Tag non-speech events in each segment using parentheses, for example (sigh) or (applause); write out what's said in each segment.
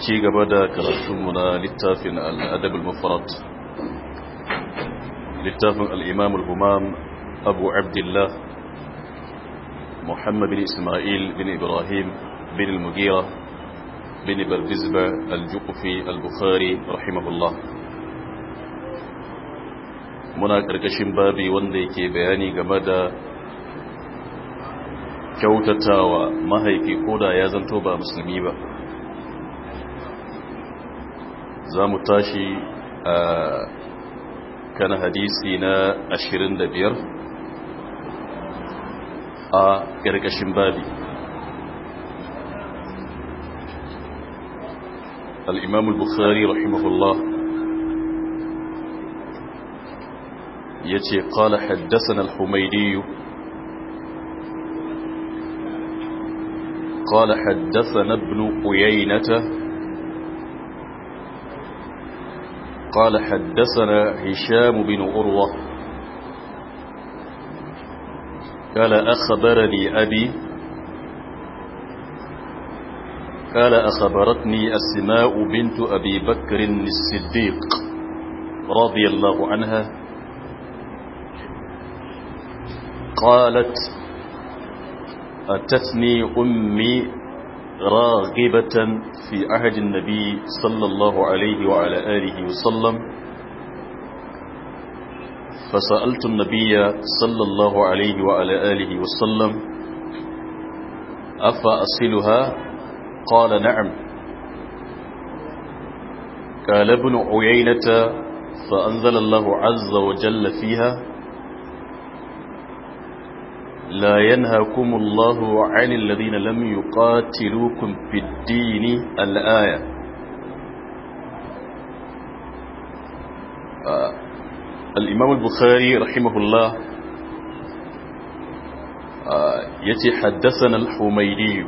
ci gaba da karatunmu na littafin al'adab al-mufarat littafin al'imam al'umam abu abdullah muhammad bin ismail bin ibrahim bin al-mugira bin barbizba al-jukufi al-bukhari rahimahullah muna ƙarƙashin babi wanda yake bayani game da kyautatawa mahaifi ko da ya zanto ba musulmi ba za mu tashi a kan hadisi na 25 a ƙarƙashin babi الإمام البخاري رحمه الله يتي قال حدثنا الحميدي قال حدثنا ابن أيينة قال حدثنا هشام بن أروة قال أخبرني أبي قال أخبرتني السماء بنت أبي بكر الصديق رضي الله عنها قالت أتتني أمي راغبة في عهد النبي صلى الله عليه وعلى آله وسلم فسألت النبي صلى الله عليه وعلى آله وسلم أفأصلها قال نعم قال ابن عيينة فأنزل الله عز وجل فيها لا ينهاكم الله عن الذين لم يقاتلوكم في الدين الآية آه، الإمام البخاري رحمه الله آه يتي حدثنا الحميدي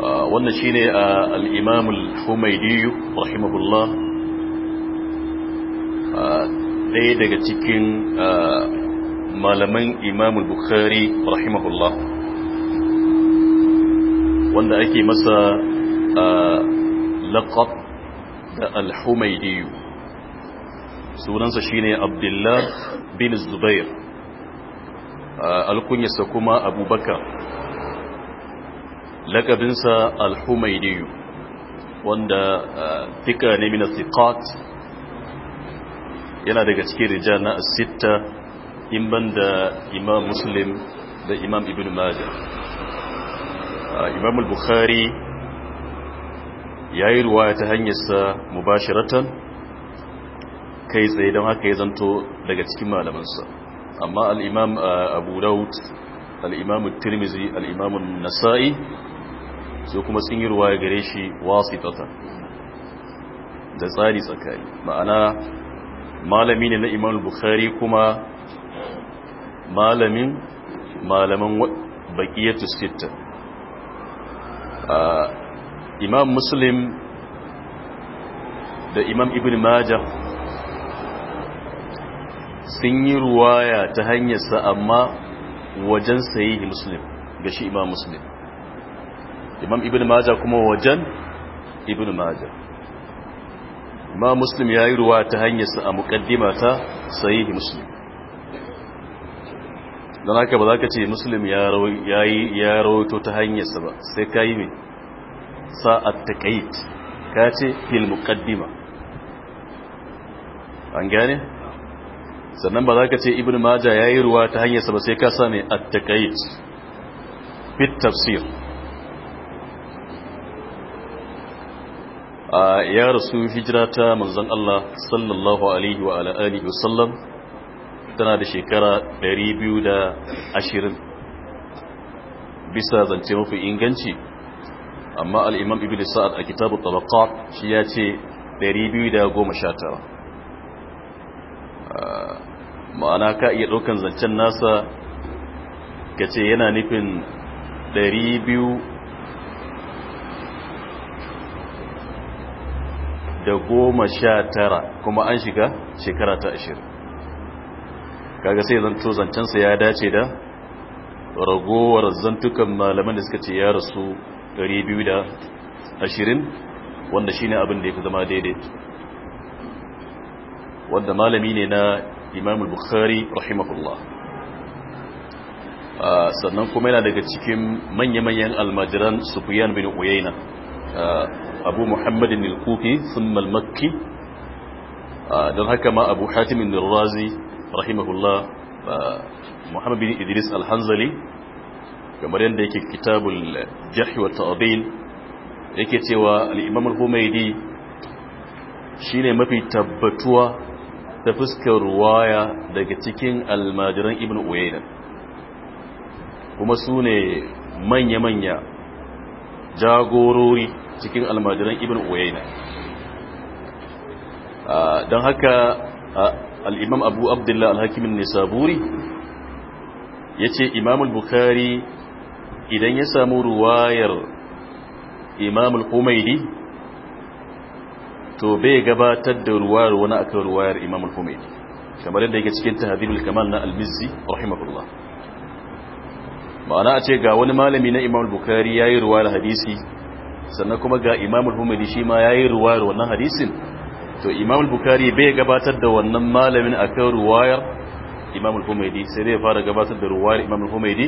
آه وانا آه، الإمام الحميدي رحمه الله ليدك تكين آه، malaman imamul bukhari rahimahullah wanda ake masa laqab da al-humaydiyu sunansa shine abdullah bin zubair alkunyarsa kuma abubakar laƙabinsa al-humaydiyu wanda fika ne min yana daga cikin rijana na as-sitta in da imam muslim da imam ibn majah imam al-bukhari ya yi ruwa ta hanyarsa mubashiratan kai tsaye don haka ya zanto daga cikin malamansa amma al'imam abu daud al'imam tirmizi al'imam nasa'i su kuma sun yi ruwaya gare shi wasitata da tsari tsakani ma'ana malami ne na imam bukhari kuma malamin malaman baqiyatu sitta imam muslim da imam ibn majah sun yi ruwaya ta hanyarsa amma wajen sayi muslim ga shi imam muslim imam ibn majah kuma wajen ibn majah imam muslim ya yi ruwa ta hanyarsa a muƙaddimata sayi muslim don haka ba za ka ce muslim ya rawaito ta hanyarsa ba sai ka yi mai sa'ad ta ƙait ka ce fil muƙaddima an gane sannan ba za ka ce ibn maja ya yi ruwa ta hanyarsa ba sai ka sa mai at ta ƙait fit tafsir ya rasu hijira ta manzan Allah sallallahu Alaihi wa ala'alihi wasallam tana da shekara 220 bisa zance mafi inganci amma al'imam da sa'ad a kitabu tabaqat shi ya ce 219 ah, ma'ana ka iya ɗaukan zancen nasa ka ce yana nufin 200 da goma sha tara kuma an shiga shekara ta ashirin kaga sai zanto zancensa ya dace da ragowar zantukan malaman da suka ce ya rasu 220 wanda shine abin da ya fi zama daidai wanda malami ne na imam bukhari rahimahullah ah, sannan kuma yana daga cikin manya-manyan almajiran sufiyan bin uyaina ah, abu muhammadin al-kufi sun malmakki ah, don haka ma abu hatimin razi rahimahullah uh, muhammad bin idris alhanzali kamar yadda yake kitabul jahi wa ta'abil yake cewa al'imam al-humaidi shi ne mafi tabbatuwa ta fuskar ruwaya daga cikin almajiran ibn uyayna kuma su ne manya-manya jagorori cikin almajiran ibn uyayna uh, don haka uh, al'imam abu Abdullahi alhakimin nisaburi ya ce imamul bukari idan ya samu ruwayar imamul humaidi to bai gabatar da ruwayar wani akan ruwayar imamul humaidi kamar yadda yake cikin tahdhibul kamar na al-mizzi rahimahullah ma'ana a ce ga wani malami na imamul bukari yi ruwayar hadisi sannan kuma ga imamul humaidi shi ma ya yi ruwayar wannan hadisin to imam bukari bai gabatar da wannan malamin akan ruwayar imam al-humaydi sai dai fara gabatar da ruwayar imam al-humaydi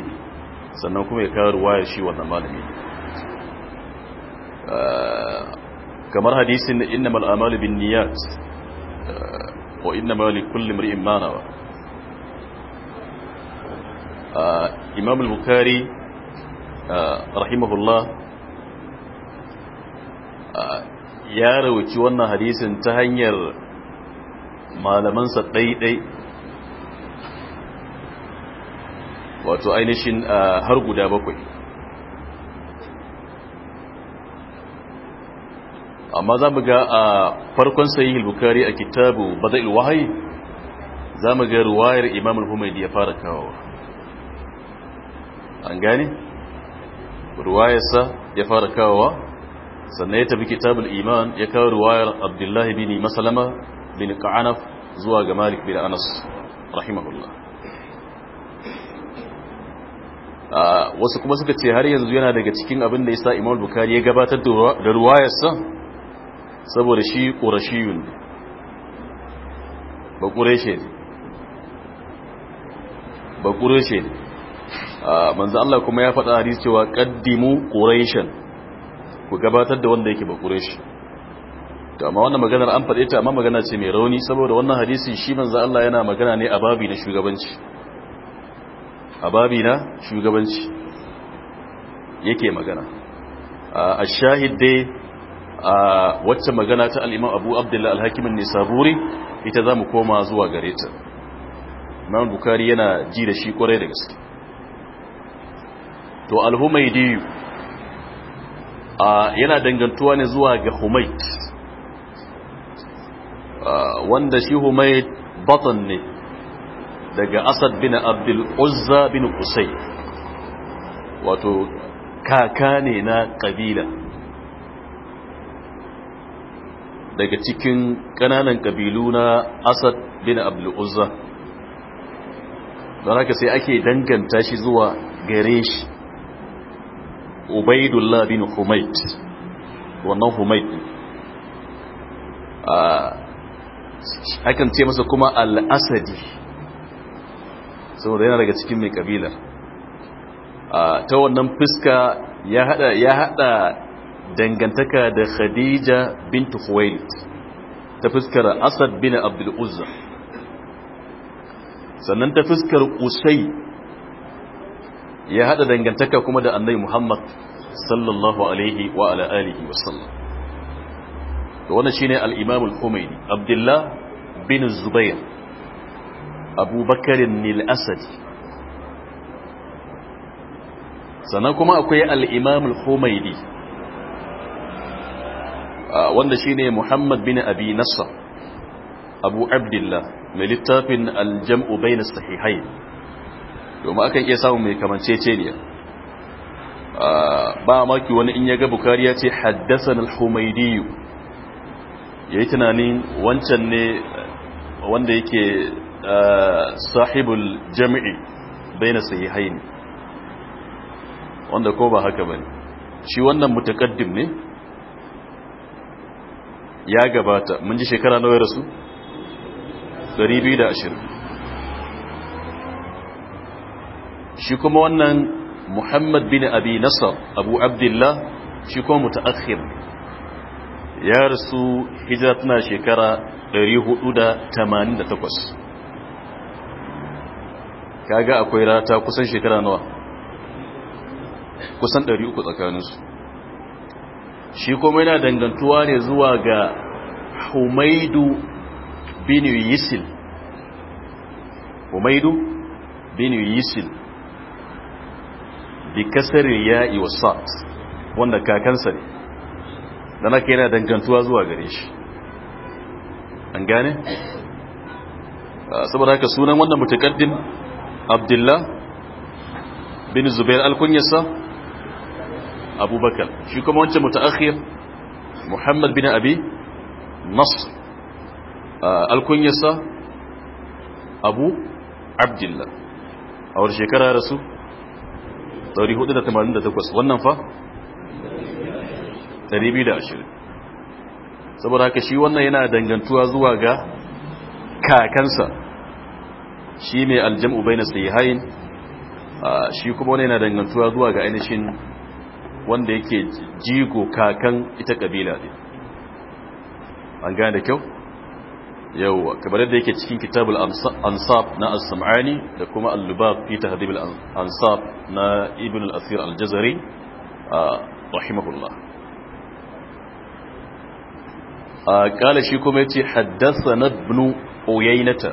sannan kuma ya kawo ruwayar shi wannan malami ah, kamar hadisin innamal a'malu binniyat ah, wa innamal likulli imrin ma nawa ah, imam al-bukhari rahimahullah ya rawuci wannan hadisin ta hanyar malamansa ɗaiɗai wato ainihin har guda bakwai amma za mu ga a farkon sayi bukari a kitabu bada'il wahayi za mu ga ruwayar imamul humaydi ya fara kawowa an gane ruwayarsa ya fara kawowa sannan ya tafi kitabul iman ya kawo ruwayar abdullahi bin masalama bin ka'anaf zuwa ga malik bin anas rahimahullah wasu kuma suka ce har yanzu yana daga cikin abin da isa imam bukari ya gabatar da ruwayarsa saboda shi ƙorashiyun ne ba ƙureshe ne ba ƙureshe ne manzo Allah kuma ya faɗa hadisi cewa qaddimu quraishan ku gabatar da wanda yake ba shi. to amma wannan maganar an faɗe ta amma magana ce mai rauni saboda wannan hadisin shi manzo Allah yana magana ne a babi na shugabanci a babi na shugabanci yake magana a shahid dai a wacce magana ta al-Imam abu abdullahi an nisaburi ita zamu koma zuwa gare ta imam bukari yana ji da shi kwarai da gaske to al-Humaydi yana dangantuwa ne zuwa ga humait wanda shi humait batan ne daga asad bin abdul uzza bin usai wato kaka ne na kabila daga cikin kananan kabilu na asad bin abdul uzza don haka sai ake danganta shi zuwa gare shi ubaidullah bin humayt wannan humayt akan ce masa kuma al-asadi saboda yana daga cikin mai kabilar ta wannan fuska ya hada dangantaka da khadija bint khuwailid ta fuskar asad bin abdul uzza sannan ta fuskar usai ya hada dangantaka kuma da annabi Muhammad sallallahu alaihi wa ala alihi wa sallam to wannan shine al-Imam al Abdullah bin Zubair Abu Bakar asadi sannan kuma akwai al-Imam Wanda shi ne Muhammad bin Abi Nasr Abu Abdullah mai littafin al-Jam'u bayna domin akan iya samun mai kamanceceniya ah, ba maki wani in ya ga bukari ya ce haddasan al-humaidiyu ya yi tunanin wancan ne eh, wanda yake eh, sahibul jami'i bai na sai haini wanda ko ba haka ba ne shi wannan mutakaddim ne ya gabata mun ji shekara nawa ya rasu 220 shi kuma wannan muhammad bin abi nasar abu abdullah shi kuma mutaakhir ya rasu hijira tana shekara 488 kaga akwai rata kusan shekara nawa kusan 300 tsakaninsu shi kuma yana dangantuwa ne zuwa ga humaidu bin yisil humaidu bin yisil bi kasarin ya'i wa wanda kakansa ne da naka yana dangantuwa zuwa gare shi an gane ah, saboda haka sunan wannan mutakaddin abdullah bin zubair alkunyarsa. abubakar shi kuma wancan mutakhir muhammad bin abi nasr ah, Alkunyarsa. abu abdullah a wani shekara rasu 488 wannan fa 220 saboda haka shi wannan yana dangantuwa zuwa ga kakansa shi mai aljam'u bai na sahihain shi kuma wani yana dangantuwa zuwa ga ainihin wanda yake jigo kakan ita kabila ne an gane da kyau yawwa kamar yadda yake cikin kitabul ansab na as-sam'ani da kuma al-lubab fi tahdhib al-ansab na ibn al athir al-jazari rahimahullah kala shi kuma yace haddathana ibn uyaynata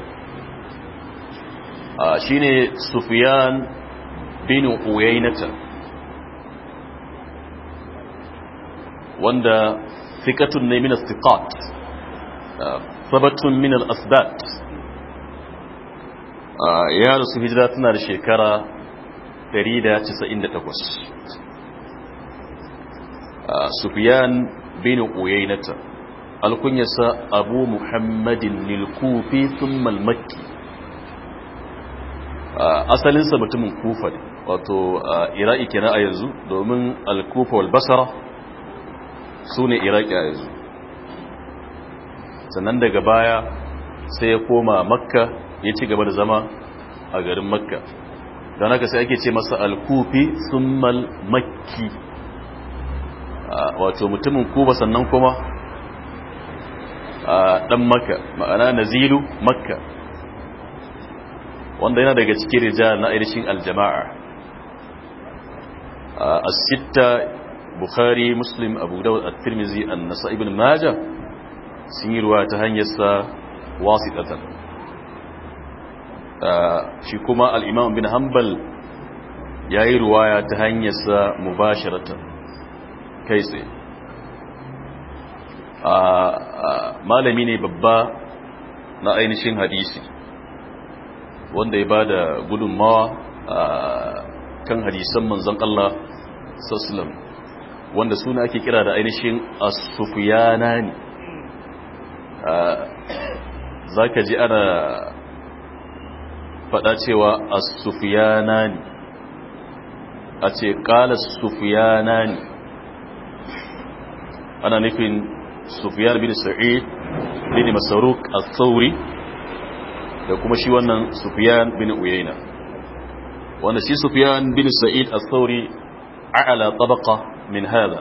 shine sufyan bin uyaynata wanda thiqatun ne min thiqat sabatun min al ya rasu hijira tana da shekara 198 sufyan bin uyainata alkunyarsa abu muhammadin nilkufi thumma al-makki asalinsa mutumin kufa wato iraki kenan a yanzu domin alkufa kufa su ne iraki a yanzu sannan daga baya sai ya koma makka ya ci gaba da zama a garin makka don haka sai ake ce masa alkufi mal makki wato mutumin kuba sannan kuma dan makka ma'ana nazilu makka wanda yana daga cikin rijal na irishin aljama'a a sitta bukhari muslim abu dawud at-tirmidhi an-nasa'i ibn majah sun yi ruwa ta hanyarsa wasitatan ah, shi kuma al'imam bin hanbal ya yi ruwaya ta hanyarsa mubasharatan kai tsaye ah, ah, malami ne babba na ainihin hadisi wanda ya ba da gudunmawa kan hadisan Manzon Allah sassalam wanda suna ake kira da ainihin ne. za ka ji ana faɗa cewa a asufiyana ne a ce ƙala sufiyana ne ana nufin sufiyar bin sa'id bin masaruk a tsauri da kuma shi wannan sufiyan bin uyaina wanda shi sufiyan bin sa'id al-tsauri a'ala tabaka min hada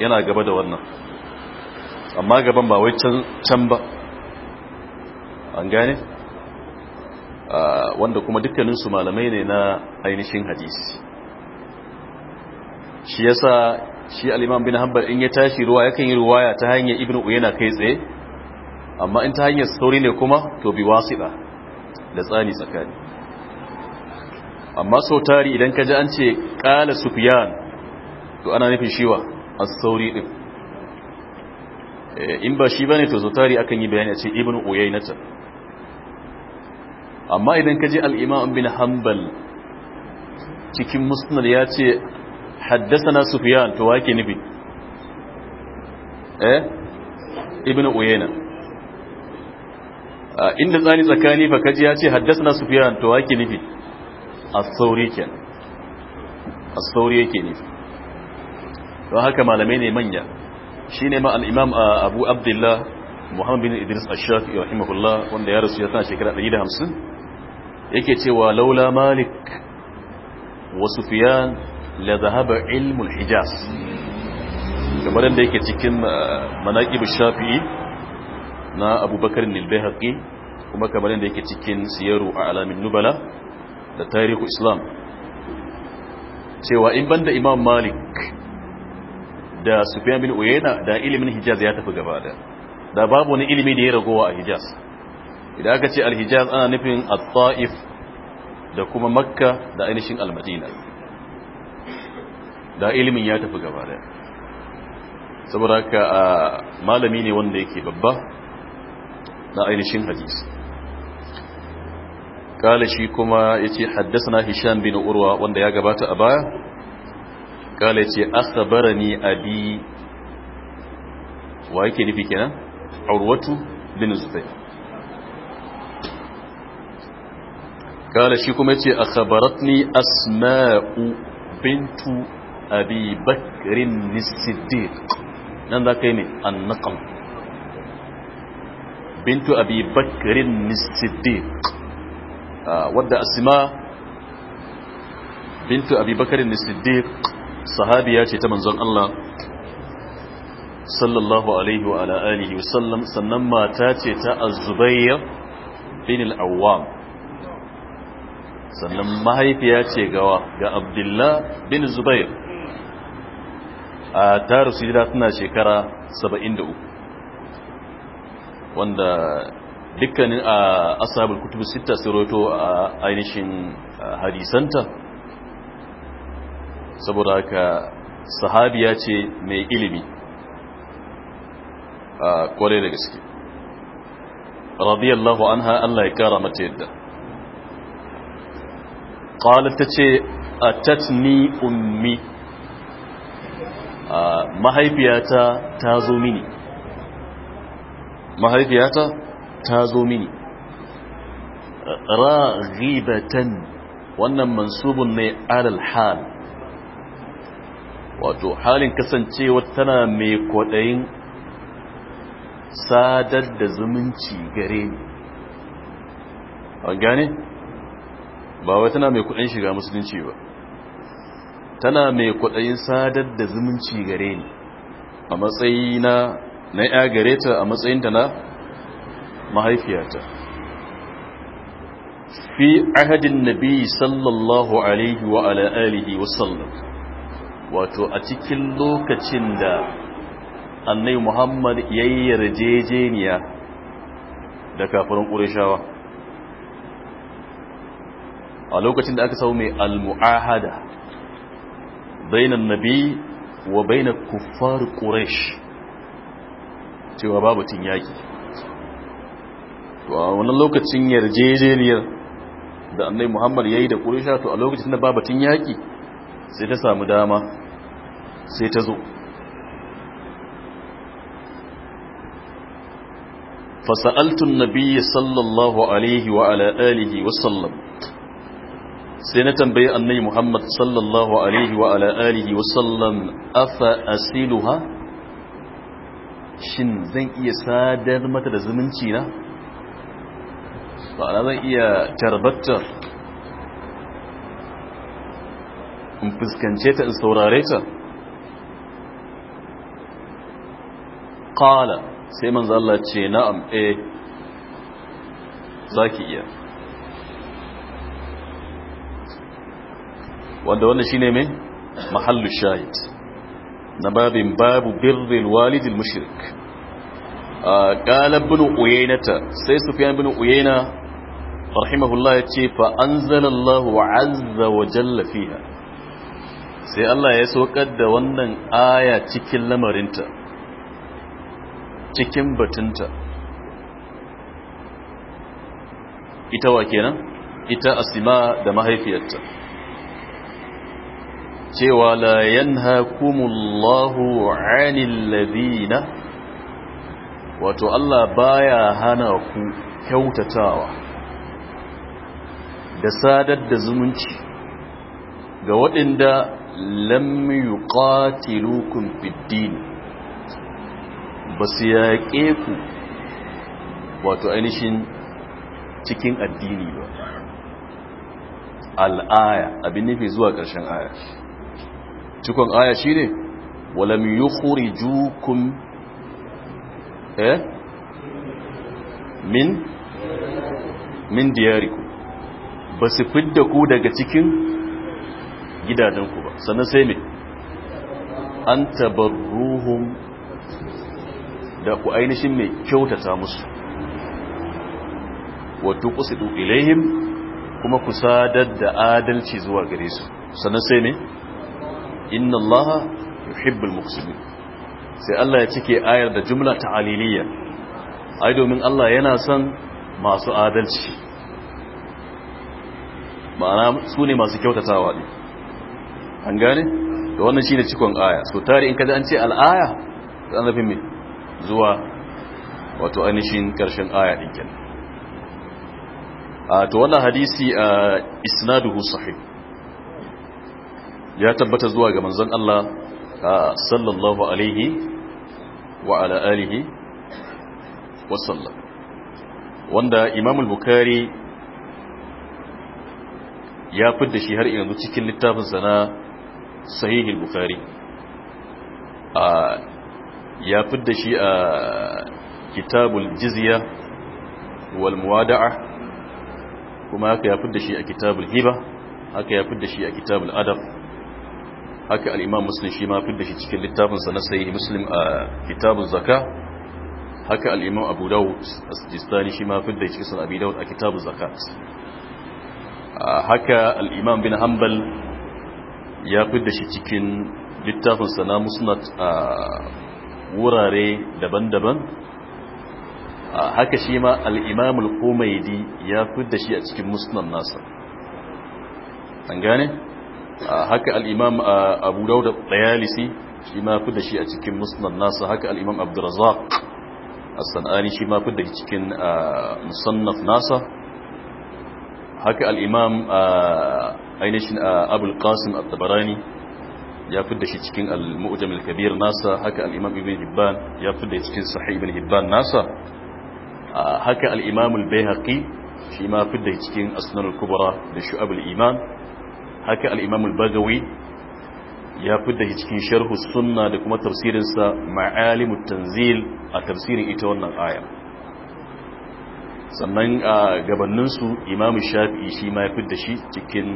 yana gaba da wannan amma gaban ba wai can ba an gane ah, wanda kuma dukkaninsu malamai ne na ainihin hadisi shi yasa shi al'imam bin hanbal in ya tashi ruwa yakan yi ruwaya ta hanyar ibn uyana kai tsaye amma in ta hanyar sauri ne kuma to bi wasiɗa da tsani tsakani amma sau tari idan ka ji an ce ƙala sufiyan to ana nufin shiwa a sauri ɗin Eh, in ba shi bane to tari akan yi bayani a ce ibnu uyaynata amma idan ka je al-imam bin hanbal cikin musnad ya ce haddathana sufyan to wake nufi eh ibnu uyayna inda tsani tsakani ka kaji ya ce haddathana sufyan to wake nufi as-sauri ke as-sauri yake nufi don haka malamai ne manya shi ne ma al'imam abu abdullah muhammad bin idris ashafi rahimahullah wanda ya rasu ya tana shekara 150 yake cewa laula malik Wasu sufiyan la zahaba ilmul hijaz kamar da yake cikin manakibu shafi'i na abubakar nilbehaki kuma kamar da yake cikin siyaru a alamin nubala da tarihu islam cewa in banda imam malik da sufiyan bin Uyayna da ilimin Hijaz ya tafi gaba da da babu wani ilimi da ya ragowa a Hijaz idan aka ce al-Hijaz ana nufin at-Taif da kuma Makka da ainihin al-Madina da ilimin ya tafi gaba da saboda haka malami ne wanda yake babba Da ainihin hadisi kala shi kuma yace na Hisham bin Urwa wanda ya gabata a baya kala ce akhbarani abi wa yake nufi kenan urwatu bin zubayr kala shi kuma yace akhbaratni asma'u bintu abi bakr as-siddiq nan da yi ne an-naqam bintu abi bakr as-siddiq ah, wadda asima bintu abi bakr as-siddiq sahabiya ce ta manzon Allah sallallahu alaihi wa ala alihi wasallam sannan mata ce ta az-zubayr bin al-awwam sannan mahaifiya ce gawa ga abdullah bin zubayr a taru gida tana shekara 73 wanda dukkanin a ashabul kutubu sita siroto a ainihin hadisanta saboda haka sahabiya ce mai ilimi a kwarai da gaske radiyallahu anha Allah ya kara mata yadda qalat tace atatni ummi mahaifiyata ta zo mini mahaifiyata ta zo mini raghibatan wannan mansubun ne alal hal wato halin kasancewa tana mai kwaɗayin sadar da zumunci gare ni an gane ba wai tana mai kwaɗayin shiga musulunci ba tana mai kwaɗayin sadar da zumunci gare ni a matsayina na ya gare ta a matsayinta na mahaifiyata fi ahadin nabi sallallahu alaihi wa ala alihi wasallam wato a cikin lokacin da annai muhammad ya yi yarjejeniya da kafin ƙurishawa a lokacin da aka sau mai al-mu'ahada bainan nabi wa bainan kuffar ƙurish cewa babu tun yaƙi to a wannan lokacin yarjejeniyar da annai muhammad ya yi da ƙurishawa to a lokacin da babu tun yaƙi sai ta samu dama sai ta zo fasa'altun nabiyyi sallallahu alaihi wa ala'alihi alihi wa sallam sai na tambaye annabi Muhammad sallallahu alaihi wa ala'alihi alihi wa sallam afa asiluha shin zan iya sadar mata da zumunci na ba na zan iya tarbatar in fuskance ta in saurare ta qala sai manzo Allah ce na'am eh zaki iya wanda wannan shine me mahallu shahid na babin babu birrul walid al mushrik qala ibn uyaynata sai sufyan ibn uyayna rahimahullah yace fa anzalallahu azza wa jalla fiha sai Allah ya saukar da wannan aya cikin lamarinta cikin batunta ita wa kenan ita asima da mahaifiyarta cewa la yanhakumullahu 'anil ladina wato Allah baya hana ku kyautatawa da sadar da zumunci ga waɗanda lam yuqatilukum fid-din basu yaƙe ku wato ainihin cikin addini ba al'aya abin nufi zuwa ƙarshen aya cikon aya shi ne walam yukhrijukum eh min min diyariku ba su fidda ku daga cikin gidajenku sannan sai me an tabarruhun da ku ainihin mai kyautata musu wato kusidu ilaihim kuma ku sadar da adalci zuwa gare su sannan sai me inna allaha yuhibbul muqsitin sai Allah ya cike ayar da jumla ta'aliliya ai domin Allah yana son masu adalci ma'ana su ne masu kyautatawa ne an gane da wannan ne cikon aya so tare in kada an ce al'aya to an nufin mai zuwa wato ainihin karshen aya ɗin kenan a to wannan hadisi a isnaduhu Sahi ya tabbata zuwa ga manzon Allah sallallahu alaihi wa ala alihi wa sallam wanda Imam al-Bukhari ya da shi har yanzu cikin littafin sana sahihul bukhari ya fidda shi a kitabul jizya wal muwada'a kuma haka ya fidda shi a kitabul hiba haka ya fidda shi a kitabul adab haka al-imam muslim shi ma fidda shi cikin littafin sa na sahih muslim a kitabul zakah haka al-imam abu dawud as-sijistani shi ma fidda shi cikin sunan abi dawud a kitabul zakat haka al-imam bin hanbal ya fi da shi cikin littafin sana musnad a wurare daban-daban haka shi ma al'imamul komaidi ya fi da shi a cikin musnad nasa an gane haka al'imam abu dauda ɗayalisi shi ma fi da shi a cikin musnad nasa haka al'imam abdurazak a san'ani shi ma fi da cikin musannaf nasa haka al'imam ainihin abul qasim at-tabarani ya fidda shi cikin al-mu'jam al-kabir nasa haka al-imam ibn hibban ya fidda cikin sahih ibn hibban nasa haka al-imam al-baihaqi shi ma fidda cikin asnan al-kubra da shu'ab al-iman haka al-imam al-bagawi ya fidda cikin sharh sunna da kuma tafsirin sa ma'alim at-tanzil a tafsirin ita wannan aya sannan a gabaninsu imamu shafi'i shi ma ya da shi cikin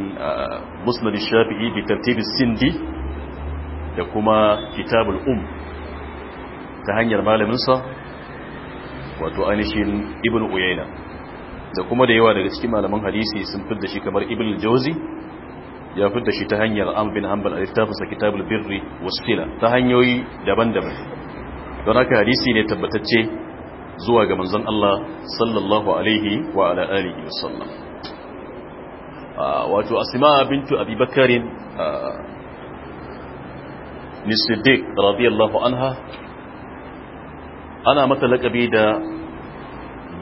musnad shafi'i bi tartibi sindi da kuma kitabul um ta hanyar malaminsa wato ainihin ibn uyayna da kuma da yawa daga cikin malaman hadisi sun fidda shi kamar ibn jauzi ya fidda shi ta hanyar am bin hanbal a littafinsa kitabul birri wasila ta hanyoyi daban-daban don haka hadisi ne tabbatacce zuwa ga manzon Allah sallallahu alaihi wa ala alihi wasallam ah, wato asma bintu abi bakarin ah, ni siddiq radiyallahu anha ana mata lakabi da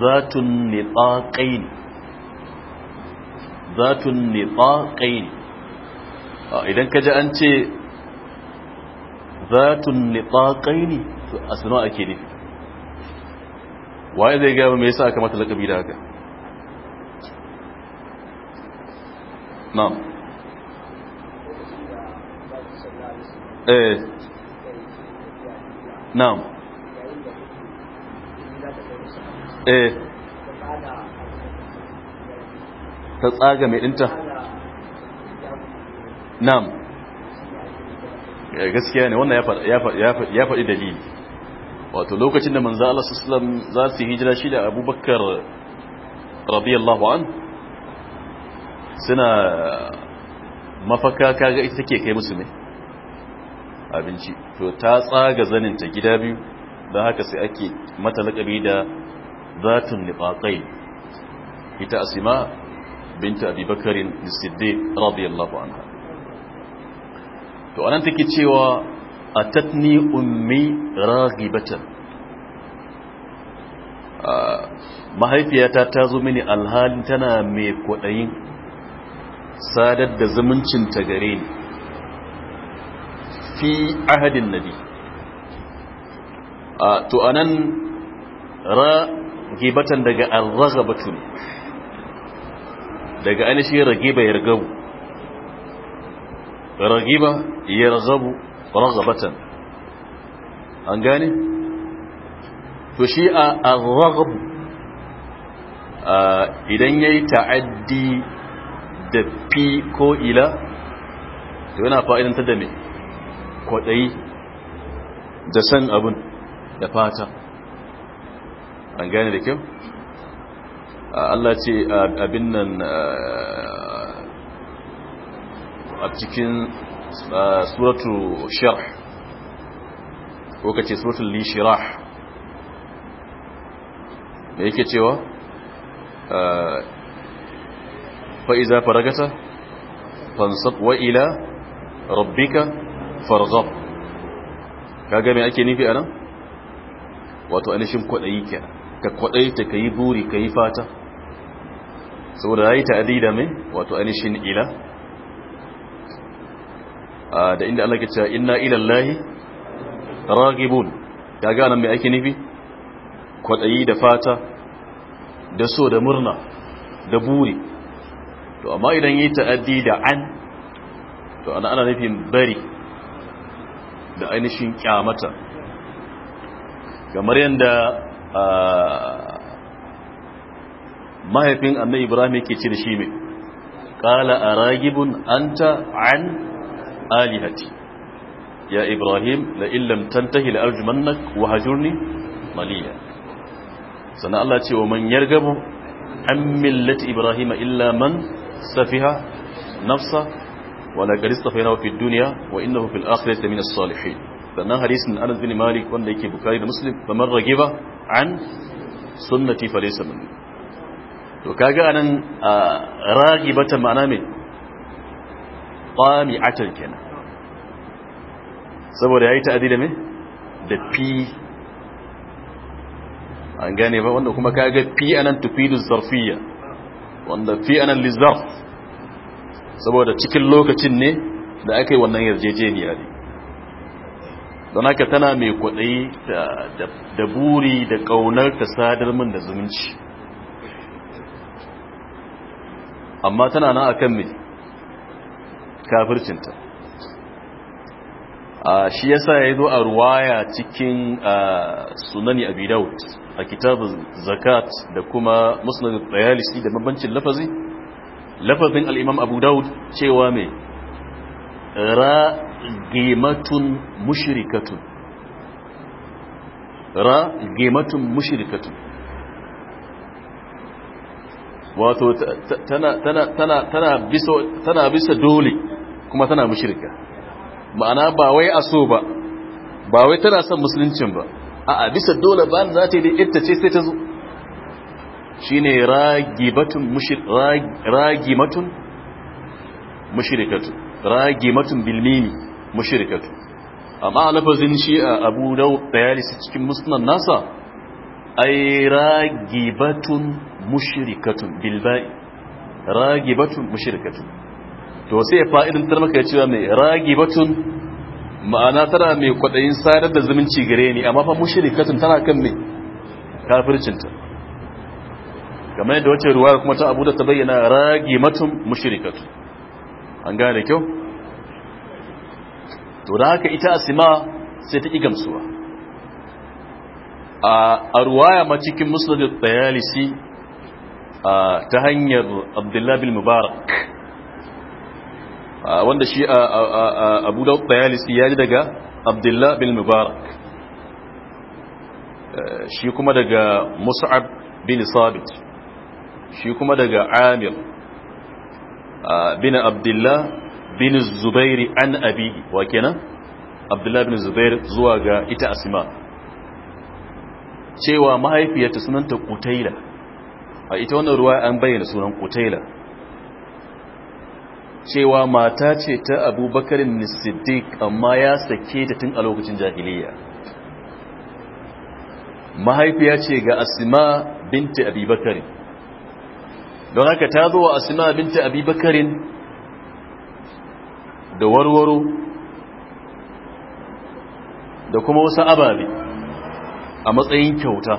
zatun nitaqain zatun nitaqain ah, idan kaji an ce zatun nitaqain to asma ake nufi waye zai gaba me yasa aka mata lakabi da haka na'am eh na'am eh ta tsaga mai dinta na'am eh, gaskiya ne wannan ya faɗi dalili wato lokacin da manzo Allah sallam za su hijira shi da abubakar radiyallahu an suna mafaka kaga ita take kai musu ne abinci to ta tsaga zanin ta gida biyu don haka sai ake mata lakabi da zatun liqaqai ita asima binta abubakarin siddiq radiyallahu anha to anan take cewa atatni ummi ragibatan mahaifiyata ta zo mini alhalin tana mai kwaɗayin sadar da zumuncin ta gare ni fi ahadin nabi to anan ra ragibatan daga arragabatu ne daga ainihin ragiba ya ragabu ragiba ya ragabu ragabatan an gane to shi a ragab idan ya ta'addi da fi ko ila to yana fa'idantar da mai kwaɗayi da san abin da fata an gane da kyau Allah ce abin nan a cikin suratu sharh ko kace suratul lishirah me yake cewa fa iza faragata fansab wa ila rabbika farghab kaga me ake nufi anan wato anishin kwadayi kenan ka kwadayi ta kai buri kai fata saboda yayi ta'dida mai wato alishin ila da inda Allah ke cewa inna ila Allah ragibun kaga nan mai ake nufi kwadayi da fata da so da murna da buri to amma idan yi ta'addi da an to ana ana nufin bari da ainihin kyamata kamar yadda mahaifin annabi ibrahim yake ce da shi mai qala aragibun anta an آلهتي يا إبراهيم لئن لم تنتهي لأرجمنك وهجرني مليا سنة الله تي ومن يرغب عن ملة إبراهيم إلا من سفها نفسه ولا قد استفيناه في الدنيا وإنه في الآخرة من الصالحين سنة حديث من أنس بن مالك وأن ليكي بكاري المسلم فمن رغب عن سنتي فليس مني وكاغا أنا آه، راغبة من qami'atan kenan saboda yayi ta'adi da me da fi an gane ba wanda kuma kaga fi anan tufidu zarfiyya wanda fi anan zarf saboda cikin lokacin ne da aka yi wannan yarjejeniya ne don haka tana mai kwaɗayi da buri da ƙaunar ta sadar min da zumunci amma tana na akan mai kafircinta shi yasa ya zo a ruwaya cikin sunani abi daud a kitabun zakat da kuma musnadin tsayalisi da mabancin lafazi lafazin al'imam abu daud cewa mai mushirikatun ra gimatun mushirikatun wato tana bisa dole kuma tana mushirka ma'ana ba wai aso ba ba wai tana son musuluncin ba a bisa dole ba za ta yi da ita ce sai ta zo shi ne ragimatun mushirikatu ragimatun bilmini mushirikatu amma a lafazin shi a abu dayalisi cikin musulman nasa ai ragibatun mushirikatun bilba'i ragibatun mushirikatun to sai fa'idan tar maka cewa mai ragi batun ma'ana tana mai kwaɗayin sadar da zumunci gare ni amma fa mushrikatun tana kan mai kafircinta kamar yadda wacce ruwa kuma ta abu ta bayyana ragi ragimatun mushrikatu an gane kyau to da haka ita asima sai ta ƙi gamsuwa a ruwaya ma cikin musulun da Yalisi ta hanyar abdullabil mubarak wanda shi abu da bayalisi ya ji daga abdullah bin mubarak eh, shi kuma daga musa'ab bin sabit shi kuma daga amir bin abdullah bin zubairi an abi wa kenan abdullah bin zubair zuwa ga ita asima cewa mahaifiyarta sunanta kutaila a ita wannan ruwa an bayyana sunan kutaila cewa mata ce ta abubakarin siddiq amma ya sake ta tun a lokacin jahiliya mahaifiya ce ga asima binti abubakarin don haka ta zo wa asima binti abubakarin da warwaro da kuma wasu ababe a matsayin kyauta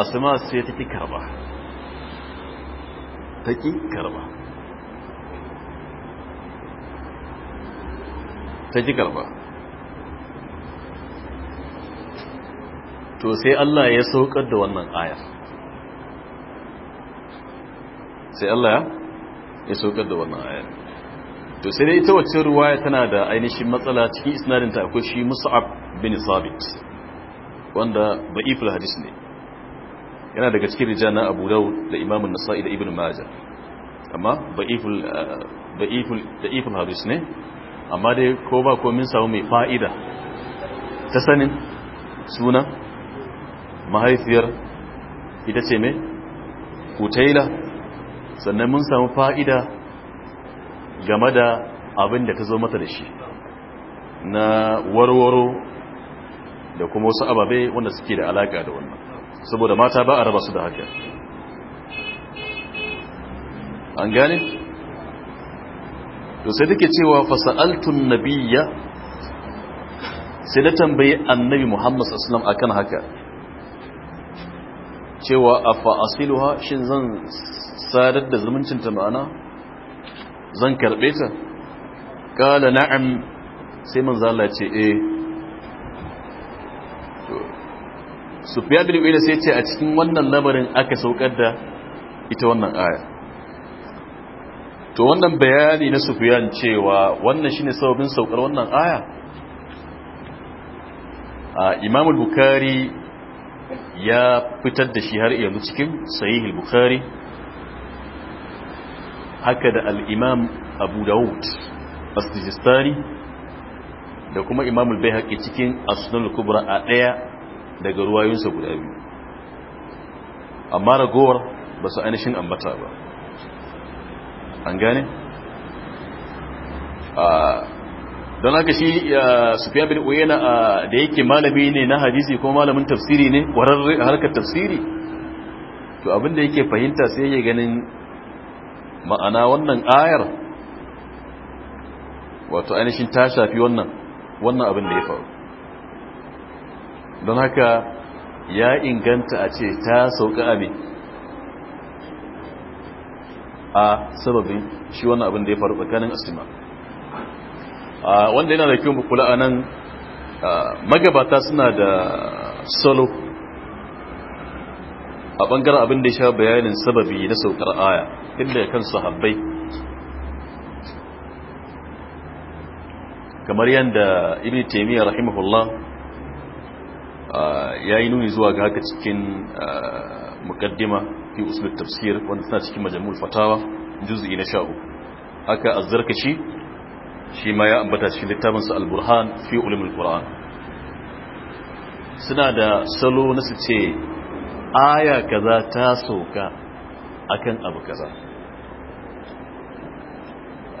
asima sai ta ƙi karba ta ƙi karba ta ji karba to sai Allah ya saukar da wannan aya sai Allah ya saukar da wannan aya to sai dai ita wacce ruwaya tana da ainihin matsala cikin ta akwai shi Mus'ab bin sabit wanda ba'iful hadis ne yana daga cikin rijana abu daud da an nasa'i da ibn majah amma ba'iful ba'iful eh, da'iful hadis ne amma dai ko ba komin samu mai fa'ida ta sanin suna mahaifiyar ita ce mai kutaila sannan mun samu fa'ida game da abin da ta zo mata da shi na warwaro da kuma wasu ababe wanda suke da alaƙa da wannan saboda mata ba a raba su da haka an gane? to sai cewa fasa'altun nabiyya sai da tambayi annabi muhammad sallallahu alaihi akan haka cewa afa asiluha shin zan sadar da zumuncin ta ma'ana zan karbe ta kala na'am sai manzo Allah ce eh Sufyan bin sai ce a cikin wannan labarin aka saukar da ita wannan aya to wannan bayani na sufiyan cewa wannan shine sababin saukar wannan aya a imam al-bukhari ya fitar da shi har yanzu cikin sahih al-bukhari haka da al-imam abu daud as-sijistani da kuma imam al bayhaqi cikin as-sunan al-kubra a daya daga ruwayoyinsa guda biyu amma ragowar ba su ainihin ambata ba an gane ah, don haka shi ah, sufiya bin uyena ah, da yake malami ne na hadisi ko malamin tafsiri ne ƙwararre a harkar tafsiri to abinda yake fahimta sai yake ganin ma'ana wannan ayar wato ainihin ta shafi wannan wannan abin da ya faru don haka ya inganta a ce ta sauka abin a sababin shi wannan abin da ya faru tsakanin asima wanda yana da kyau mu kula a nan magabata suna da salo a bangaren abin da ya sha bayanin sababi na saukar aya inda kan sahabbai kamar yadda ibn taymiyyah rahimahullah yi nuni zuwa ga haka cikin muqaddima fi usul tafsir wanda suna cikin majamul fatawa juz'i na 13 haka azzarkashi shi ma ya ambata cikin littafin sa al-burhan fi ulumul qur'an suna da salo na su ce aya kaza ta soka akan abu kaza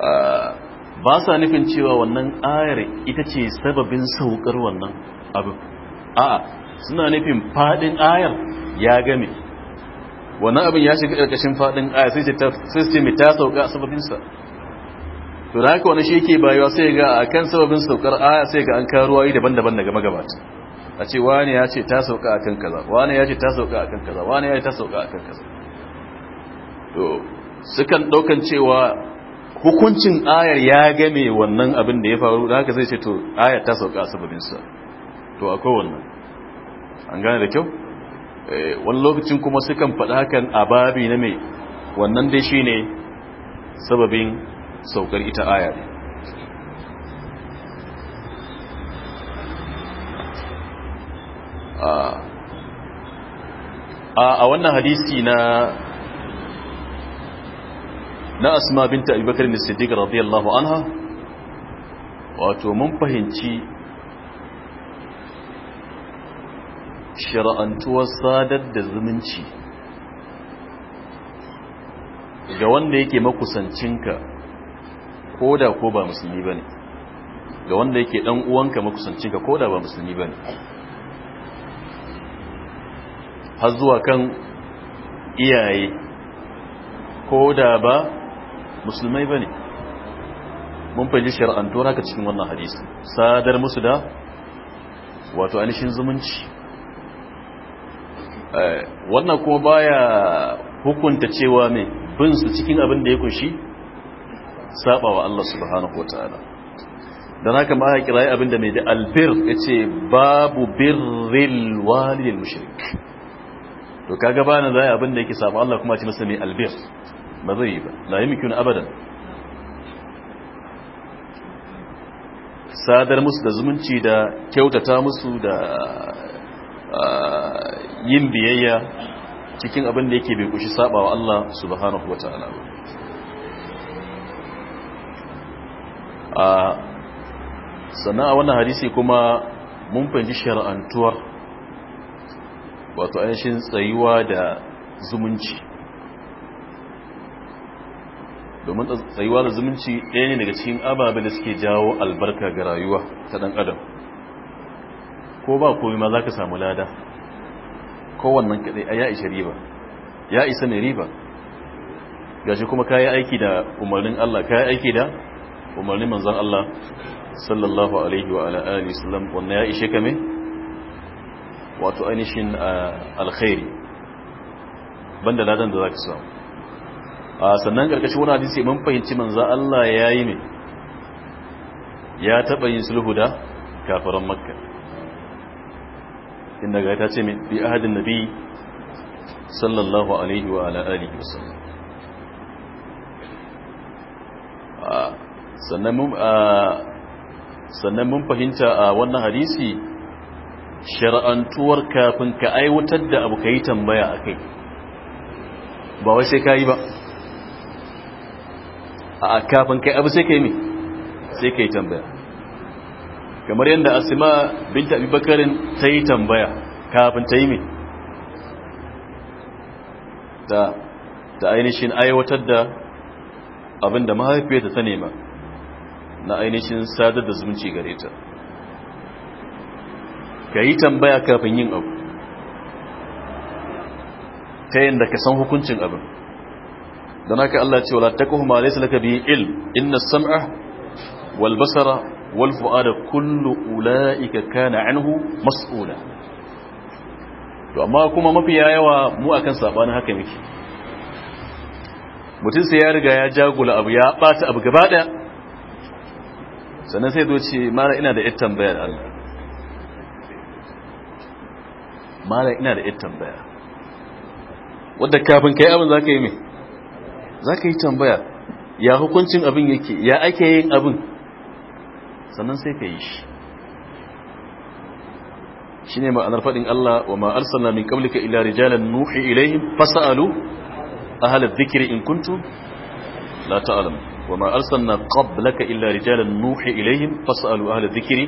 ah, ba sa nufin cewa wannan ayar ita ce sababin saukar wannan abu a'a suna nufin fadin ayar ya game wannan abin ya shiga karkashin fadin aya sai ta system ta sauka a sababin sa to da haka wani shi yake bayuwa sai ga kan sababin saukar aya sai ga an karuwa yi daban-daban daga magabata a ce wani ya ce ta sauka akan kaza wani ya ce ta sauka akan kaza wani ya ce ta sauka akan kaza to sukan daukan cewa hukuncin ayar ya game wannan abin da ya faru da haka zai ce to ayar ta sauka a sababin sa to akwai wannan an gane da kyau Eh, wani lokacin kuma sukan faɗi hakan a babi na mai wannan dai shi ne sababin saukar ita aya a wannan hadisi na na asma binta abubakar siddiq radiyallahu anha wato mun fahimci shira'antuwar sadar da zumunci ga wanda yake makusancinka ko da ko ba musulmi ba ne ga wanda yake dan uwanka makusancinka ko da ba musulmi ba ne har zuwa kan iyaye ko da ba musulmai ba ne mun fahimci shari'antuwar haka cikin wannan hadisi sadar musu da wato ainihin zumunci Eh, wannan kuma baya hukunta cewa ne bin su cikin abin da ya kunshi sabawa Allah subhanahu wataala dan haka ma ya kira abin da mai da albir yace babu birril walidil mushrik to kaga bana zai abin da yake saba Allah kuma ce masa mai albir ba zai ba la yumkin abadan sadar musu da zumunci da kyautata musu da yin biyayya cikin abin da yake bai kushi sabawa Allah subhanahu ba a sannan a wannan hadisi kuma mun fahimci shar'antuwar wato ainihin tsayuwa da zumunci domin tsayuwa da zumunci ɗaya ne daga cikin ababen da suke jawo albarka ga rayuwa ta ɗan adam ko ba komai ma za ka samu lada kowannan kaɗai a ya isa riba ya isa ne riba gashi kuma kayi aiki da umarnin Allah kayi aiki da umarnin manzan Allah sallallahu alaihi wa ala'ali sallam wannan ya ishe kame wato ainihin alkhairi banda ladan da za ka samu sannan karkashin wani hadisi mun fahimci manzan Allah ya yi ne ya taɓa yin sulhu da kafaran makka tun ga ta ce bi ahadin nabi sallallahu alaihi wa ala alihi wasallam sannan mun sannan mun fahimta a wannan hadisi shar'antuwar kafin ka aiwatar da abu ka yi tambaya a kai, ba wai sai ka yi ba a kafin kai abu sai kai ne sai kai tambaya kamar yadda asima binta abubakarin ta yi tambaya kafin ta yi mai ta ainihin aiwatar da abin da mahaifiyarta ta nema na ainihin sadar da zumunci gare ta ka yi tambaya kafin yin abu ta yin da ka san hukuncin abin don haka Allah ce wala ta ma laisa laka bi il inna sam'a wal basara والفؤاد كل اولئك كان عنه مسؤولا mas'ula to amma kuma mafi yawa mu akan sabanin haka muke mutum sai ya riga ya jagula abu ya bata abu gaba daya sannan sai zo ce mara ina da ittan bayar Allah mara ina da ittan bayar wadda kafin kai abin zaka yi me zaka yi tambaya ya hukuncin abin yake ya ake yin abin sannan sai ka yi shi shi ne ma'anar faɗin Allah wa ma'arsalna min ƙablika ila fasa'alu zikiri in kuntu la ta'alam wa ƙablaka fasa'alu zikiri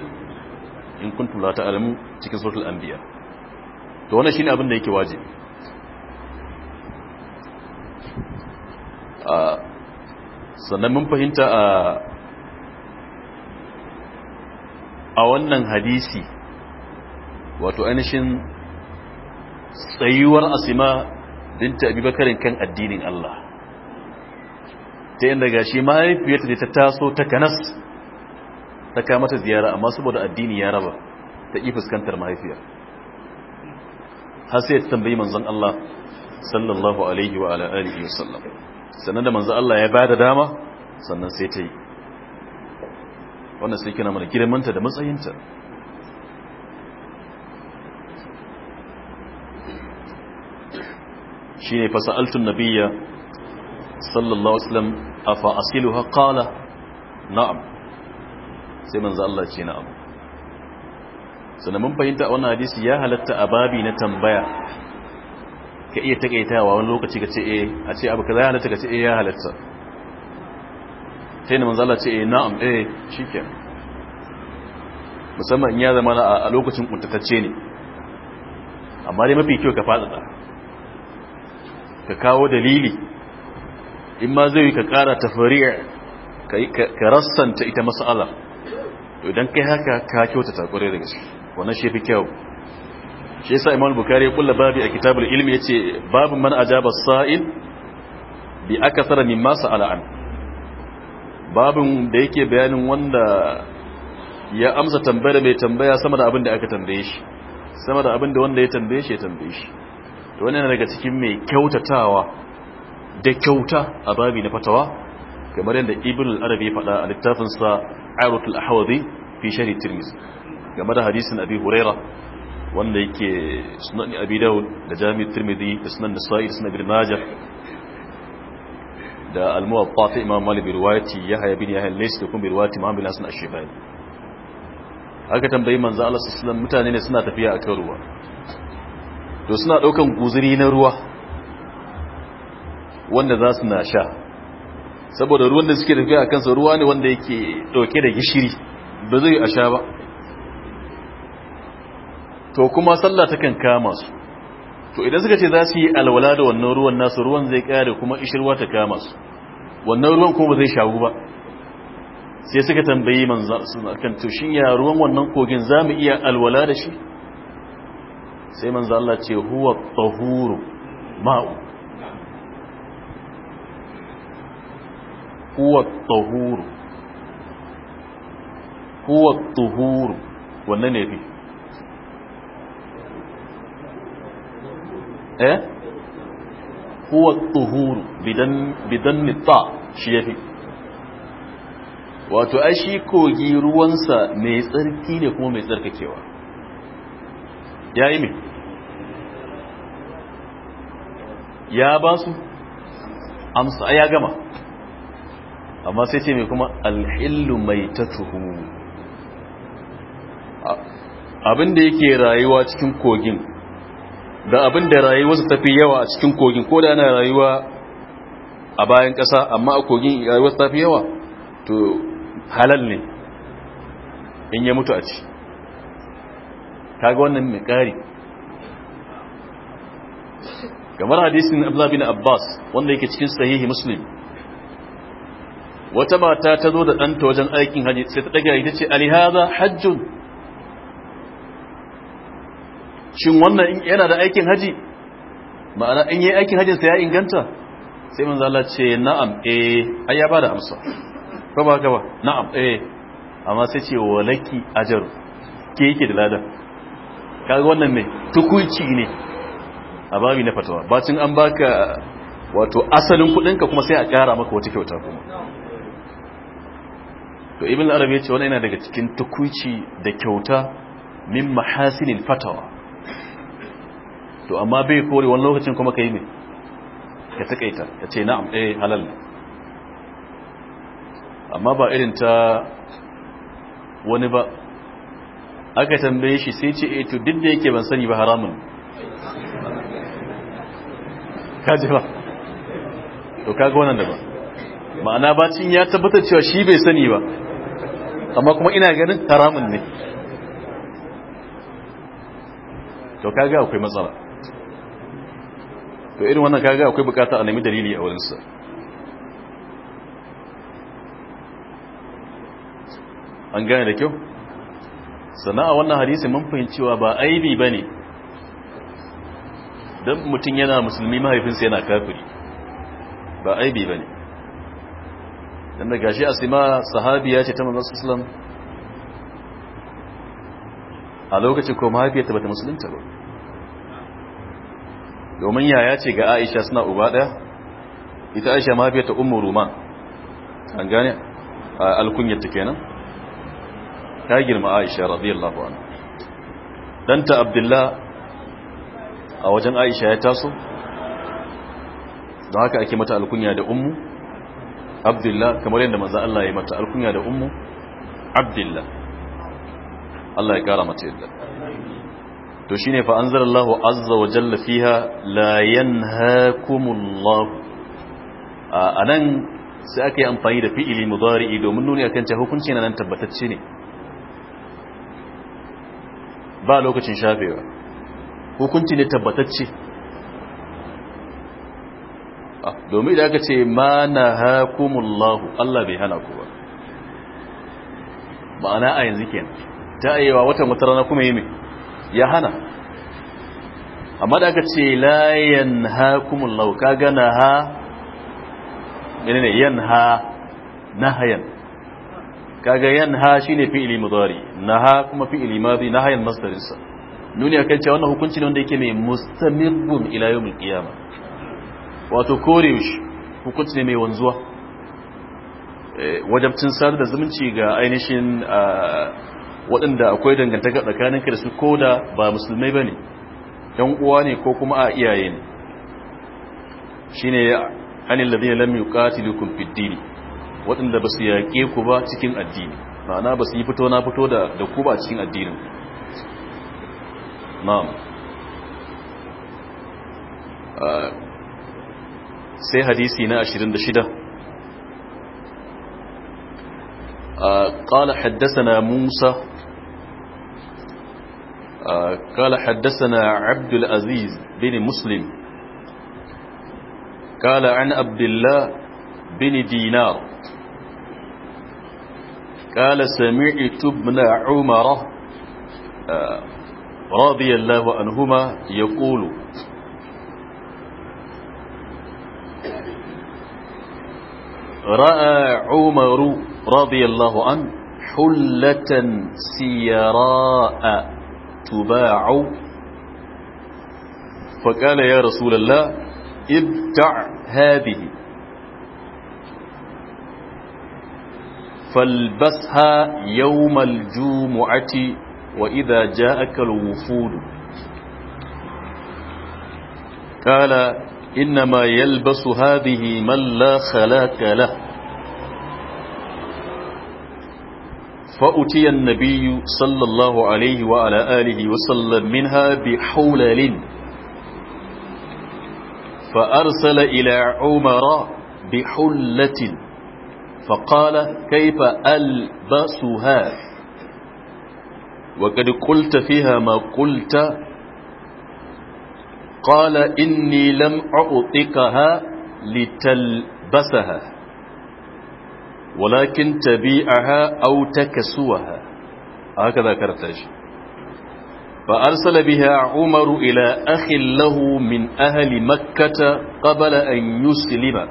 in kuntu la ta'alamu cikin to da yake wajibi ah, sannan mun fahimta a ah, a wannan hadisi wato ainihin tsayuwar asima binta abubakarin kan addinin Allah ta yin daga shi mahaifiyarta ta taso ta kanas ta kamata ziyara amma saboda addini ya raba ta ƙi fuskantar mahaifiyar har ya ta tambayi manzon Allah sallallahu alaihi wa ala wasallam sannan da manzon Allah ya bada dama sannan sai ta yi wannan sai kina mana girmanta da matsayinta shi ne fasa'altun nabiya sallallahu aslam a fa'asilu haƙala na'am sai manzo Allah ce na'am sannan mun fahimta a wannan hadisi ya halatta a babi na tambaya ka iya taƙaitawa wani lokaci ka ce eh, a ce abu ka za halatta ka ce eh, ya halatta sai da manzala ce eh na'am eh shikenan musamman in ya zama a lokacin kuntatacce ne amma dai mafi kyau ka fadada ka kawo dalili in ma zai ka kara tafari'a ka rassanta ita mas'ala to idan kai haka ka kyautata kwarai da gaske wannan shi fi kyau shi yasa imam bukari ya kulla babi a kitabul ilmi ce babu man ajaba sa'il bi tsara mimma sa'ala an babin da yake bayanin wanda ya amsa tambayar mai tambaya sama da abin da aka tambaye shi sama da abin da wanda ya tambaye shi ya tambaye shi to wannan daga cikin mai kyautatawa da kyauta a babi na fatawa kamar yadda ibn al-arabi faɗa a littafin sa ayratul ahwazi fi sharh tirmidhi game da hadisin abi huraira wanda yake sunan abi dawud da jami'at tirmidhi da sunan nasa'i da sunan ibn majah da al fati ta imam malik bi riwayati yahya bin yahya laysa da kuma bi riwayati muhammad bin hasan ash-shaybani aka tambayi manzo Allah sallallahu alaihi mutane ne suna tafiya a kan ruwa to suna daukan guzuri na ruwa wanda za su na sha saboda ruwan da suke tafiya akan sa ruwa ne wanda yake dauke da gishiri ba zai a sha ba to kuma sallah ta kan kama su to idan suka ce za su yi alwala da wannan ruwan nasu ruwan zai kare kuma ishirwa ta kama su wannan ruwan ko ba zai shagu ba sai suka tambayi manzo suna kan to shin ya ruwan wannan kogin za mu iya alwala da shi sai manzo Allah ce huwa tahuru ma'u huwa tahuru huwa tuhuru wannan ne fi eh huwa tuhuru bidan bidan nita shi yafi wato ai shi kogi ruwansa mai tsarki ne kuma mai tsarkakewa yayi me ya ba su amsa ya gama amma sai ce mai kuma alhillu mai ta tatuhu abinda yake rayuwa cikin kogin da abin da rayuwarsa tafi yawa a cikin kogin ko da ana rayuwa a bayan ƙasa amma a kogin rayuwarsa tafi yawa to halal ne in ya mutu a ci kaga wannan mai ƙari kamar hadisin abdullahi bin abbas wanda yake cikin sahihi muslim wata mata ta zo da ɗanta wajen aikin hajji sai ta ɗaga ita ce alihaza hajjun shin wannan yana da aikin haji ma'ana in yi aikin hajjinsa ya inganta sai mun Allah ce na'am eh ai ya bada amsa ko ba gaba na'am eh amma sai ce walaki ajaru ke yake da ladan kaga wannan ne? tukunci ne a babi na fatawa bacin an baka wato asalin kudin ka kuma sai a kara maka wata kyauta kuma to ibn al-arabi ya ce wannan yana daga cikin tukunci da kyauta min mahasinil fatawa to amma bai kore wani lokacin kuma ka yi ne, ka taƙaita ka ce na'am eh halal ne amma ba irin ta wani ba aka tambaye shi sai ce eto eh, to duk da yake ban sani ba haramun ka ji ba to kaga wannan da ba ma'ana bacin ya tabbatar cewa shi bai sani ba amma kuma ina ganin haramun ne to kaga akwai matsala to irin wannan kaga akwai bukata a nemi dalili a wurinsa an gane da kyau sana'a a wannan hadisi mun fahimcewa ba aibi ba ne don mutum yana musulmi mahaifinsa yana kafiri ba aibi ba ne don da gashi asima sahabiya ce ta manzan islam a lokacin ko mahaifiyarta bata musulunta ba domin yaya ce ga aisha suna uba daya ita aisha fiye ta ummu roman an gane alkunyarta kenan ta girma aisha radiyallahu anha danta abdullah a wajen aisha ya taso don haka ake mata alkunya da umu abdullah kamar yadda maza Allah ya mata alkunya da umu abdullah Allah ya kara mata yadda to shine fa anzalallahu azza wa jalla fiha la yanhaakumullah anan sai ake yi amfani da fi'ili mudari'i domin nuni akan cewa hukunci na nan tabbatacce ne ba lokacin shafewa hukunci ne tabbatacce domin idan aka ce ma nahakumullahu Allah bai hana ku ba ma'ana a yanzu kenan ta ayewa watan wata rana kuma yi mai ya hana amma da aka ce layan ha ha yanhakumullahu kaga yan ha na hayan kaga yanha shine fi'ili na ha kuma fi'ili madi na hayan masarinsa nuni akan cewa wannan hukunci ne wanda yake mai mustamirrun ilayen yawmil qiyama wato kore shi hukunci ne mai wanzuwa eh, wajabcin sar da zumunci ga ainihin ah, waɗanda akwai dangantaka tsakaninka da su ko da ba musulmai ba ne ɗan uwa ne ko kuma a iyaye ne shi ne ya hannun zai lam yi ƙatilikun fiddini waɗanda ba su yaƙe ku ba cikin addini ma'ana ba su yi fito na fito da ku ba cikin addinin na'am sai hadisi na 26 قال حدثنا موسى آه، قال حدثنا عبد العزيز بن مسلم قال عن عبد الله بن دينار قال سمعت ابن عمر آه، رضي الله عنهما يقول رأى عمر رضي الله عنه حلة سيراء تباع فقال يا رسول الله ابتع هذه فالبسها يوم الجمعة وإذا جاءك الوفود قال إنما يلبس هذه من لا خلاك له فأتي النبي صلى الله عليه وعلى آله وسلم منها بحولل فأرسل إلى عمر بحلة فقال كيف ألبسها وقد قلت فيها ما قلت قال إني لم أعطيكها لتلبسها walakin tabi'aha aw takasuha haka za karanta shi fa arsala biha umar ila akhi lahu min ahli makkah qabla an yuslima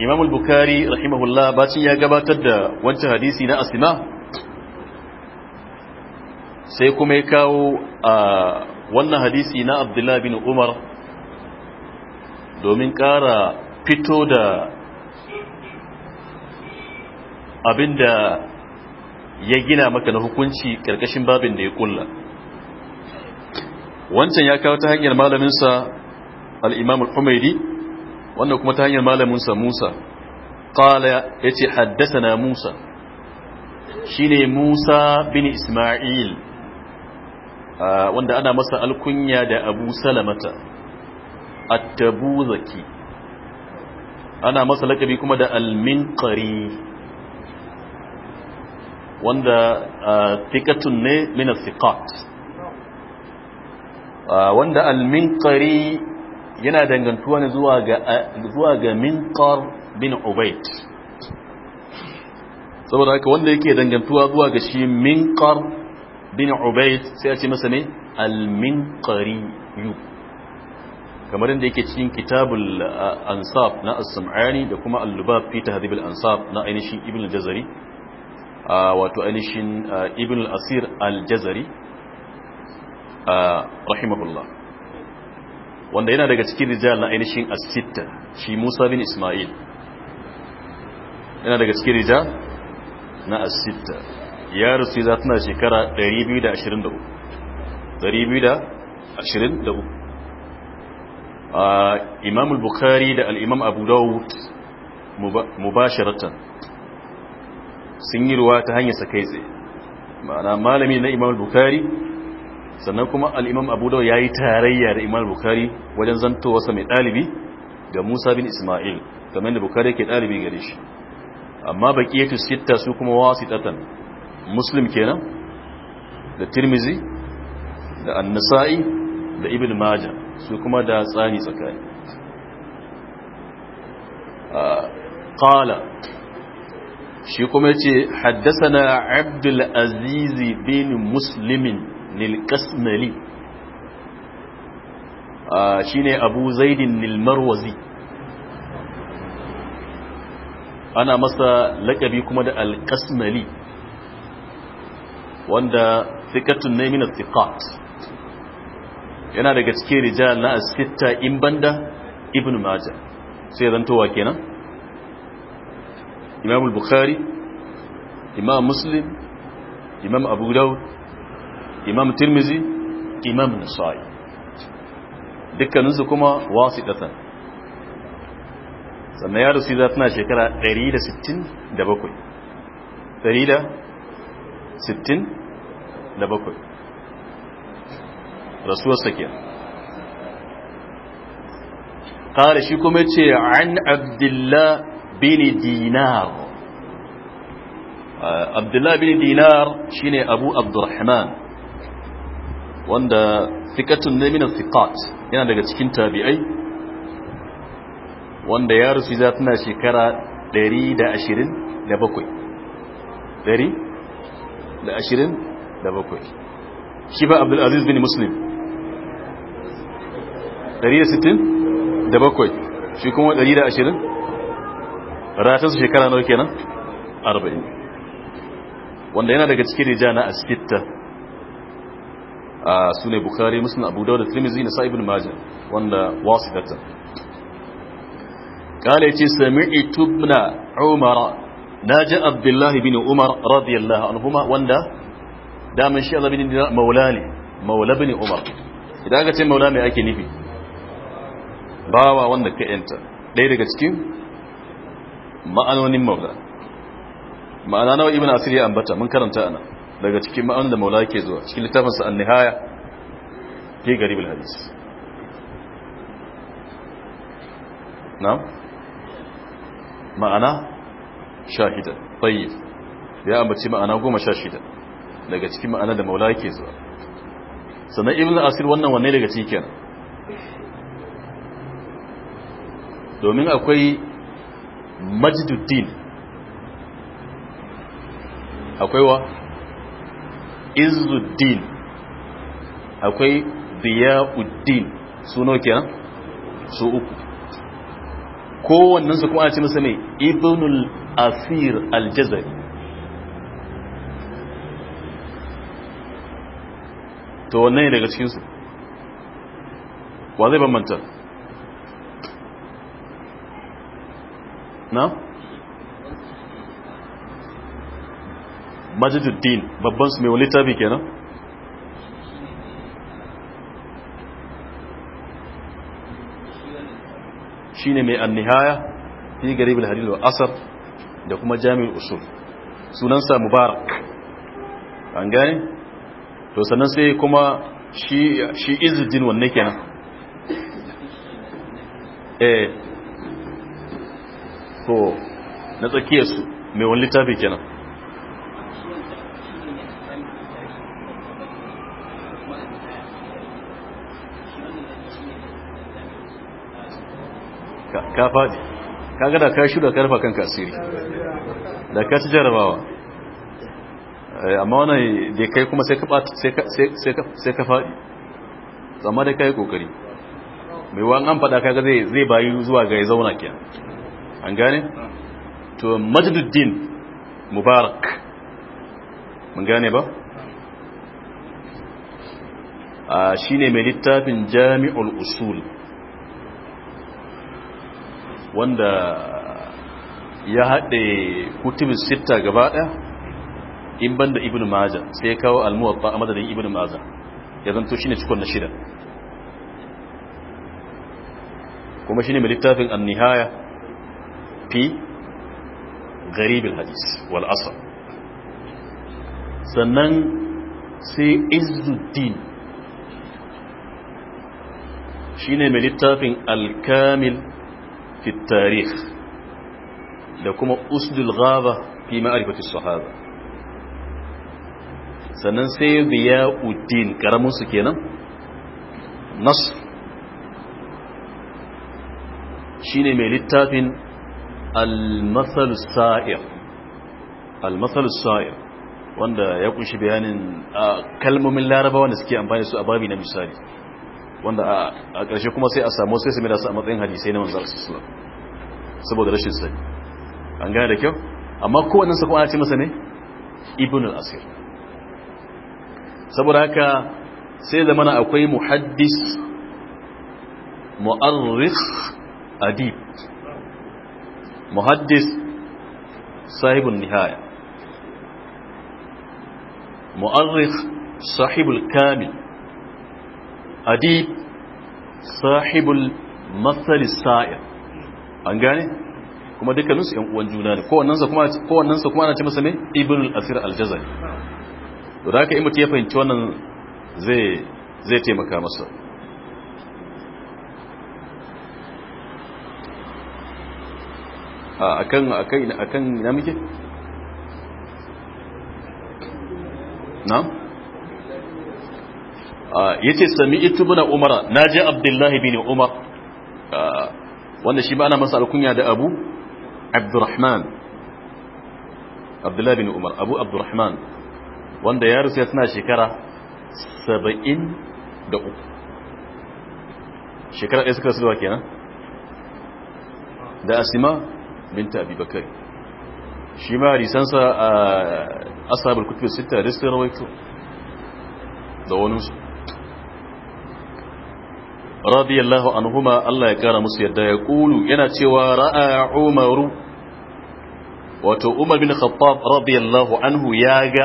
imam al-bukhari rahimahullah bacin ya gabatar da wancan hadisi na asma sai kuma ya kawo wannan hadisi na abdullahi bin umar domin kara fito da abinda ya gina maka na hukunci karkashin babin da ya kulla wancan ya kawo ta hanyar malaminsa al'imam al'umairi wannan kuma ta hanyar malaminsa musa ƙala ya ce haddasa na musa shi ne musa bin ismail wanda ana masa alkunya da abu salamata attabu zaki ana masa lakabi kuma da almin ƙari wanda uh, tikatun ne mina thiqat uh, wanda al yana dangantuwa ne zuwa ga uh, zuwa ga minqar bin ubayd saboda haka wanda yake dangantuwa zuwa ga shi minqar bin ubayd sai a ce masa ne al yu kamar yadda yake cikin kitabul ansab na as-sam'ani da kuma al-lubab fi tahdhib al-ansab na ainihin ibn jazari wato ainihin ibn al-asir al-jazari rahimahullah wanda yana daga cikin rijal na ainihin as shi Musa bin Isma'il yana daga cikin rijal na as-sitta ya rusu za tana shekara 223 223 imam al-bukhari da al-imam abu dawud mubasharatan sun yi ruwa ta hanyar sa kai tsaye ma'ana malami na imam bukari sannan kuma al'imam abu ya yi tarayya da imam bukari wajen zanto wasa mai ɗalibi ga musa bin ismail kamar da bukari ke ɗalibi gare shi amma baki ya tusitta su kuma wasitatan muslim kenan da tirmizi da annasa'i da ibn maja su kuma da tsani tsakani ah, qala shi kuma ce haddasana abdul azizi bin muslimin nilkasmali shi ne abu zaidin nilmarwazi ana masa lakabi kuma da alkasmali wanda fikatun na min yana daga cikin rijal na asitta in banda ibn majah sai towa kenan imam al-bukhari imam muslim imam abu daud imam tirmizi imam nasa'i dukkaninsu kuma wasiɗatan sannan ya sai za tana shekara 167 167 rasuwar sakiya ƙara shi kuma ce an abdullah bin dinar abdullahi bin dinar shine abu abdurrahman wanda fikatun ne min thiqat yana daga cikin tabi'ai wanda ya rusu za tana shekara 127 127 shi ba abdul aziz bin muslim 160 da bakwai shi kuma 120 ratinsu shekara nawa kenan? arba'in wanda yana daga cikin rijana na askita a ah, sune bukari musulun abu da trimizi na sa'ibin majin wanda wasu gata kala ce sami itubna umara na ji abdullahi bin umar radiyallahu anhu ma wanda Da damar shi alabin dina maula ne maula bin umar idan aka ce maula mai ake nufi bawa wanda ka yanta ɗaya daga cikin ma'anonin maula ma'ana nawa ibn asir ya ambata mun karanta ana daga cikin ma'anonin da maula yake zuwa cikin littafin sa an-nihaya fi garibul hadis na'am ma'ana shahida tayyib ya ambaci ma'ana goma sha shida daga cikin ma'ana da maula yake zuwa sannan ibn asir wannan wanne daga cikin kenan domin akwai majiduddin akwai wa izuddin akwai biya'uddin suno kenan su uku kowannensu kuma a ce masa ne ibnul asir aljazari to wannan ne daga cikinsu wa zai bambanta na babban su mai wani littafi kenan shi ne mai annihaya fi garibin hadilu asar da kuma jami'in usul sunansa mubarak an gane to sannan sai kuma shi izuddin wanne kenan eh ko na su mai wani littafi kenan ka faɗi ka da ka shuda karfa kan kasiri da ka ci jarabawa eh, amma wani da kai kuma sai ka faɗi zama da ka yi ƙoƙari mai wa'an an faɗa kaga zai bayu zuwa ga ya zauna kenan an gane to majduddin mubarak mun gane ba a shine mai littafin jami'ul usul wanda ya haɗe kutubin sita gaba ɗaya in banda ibn maja sai kawo almuwatta a madadin ibn maja ya zanto shine cikon na shida kuma shine mai littafin annihaya في غريب الحديث والأصل سنن سي عز الدين شيني من التافن الكامل في التاريخ لكم أسد الغابة في معرفة الصحابة سنن سي بياء الدين كرمو سكينا نصر shine mai al-masal sa'ir al wanda ya kunshi bayanin kalmomin laraba wanda suke amfani su a babi na misali wanda a ƙarshe kuma sai a samu sai su mai da su a matsayin hadisai na manzar sisla saboda rashin sani an gane da kyau amma kowannen sa kuma ana ce masa ne ibn al-asir saboda haka sai da mana akwai muhaddis mu'arris adib muhaddis sahibun nihaya mu'arrikh sahibul kamil adib sahibul matsali sa'ir an gane kuma dukkaninsu ‘yan uwan juna ne kowannansa kuma ana ce masa ne ibn al'asir aljazari da haka imuti ya fahimci wannan zai taimaka masa akan akan akan ina muke na yace sami'tu bin umar naji Abdullahi bin umar wanda shi ba ana masa alkunya da abu abdurrahman Abdullahi bin umar abu abdurrahman wanda ya rusa tana shekara 73 shekara ɗaya suka sulwa kenan da asima binta abi bakari shi ma risansa a asabar kutubin sita da suka rawaito da waninsu radiyallahu anhuma Allah ya kara musu yadda ya kulu yana cewa ra'a umaru wato umar bin khattab radiyallahu anhu ya ga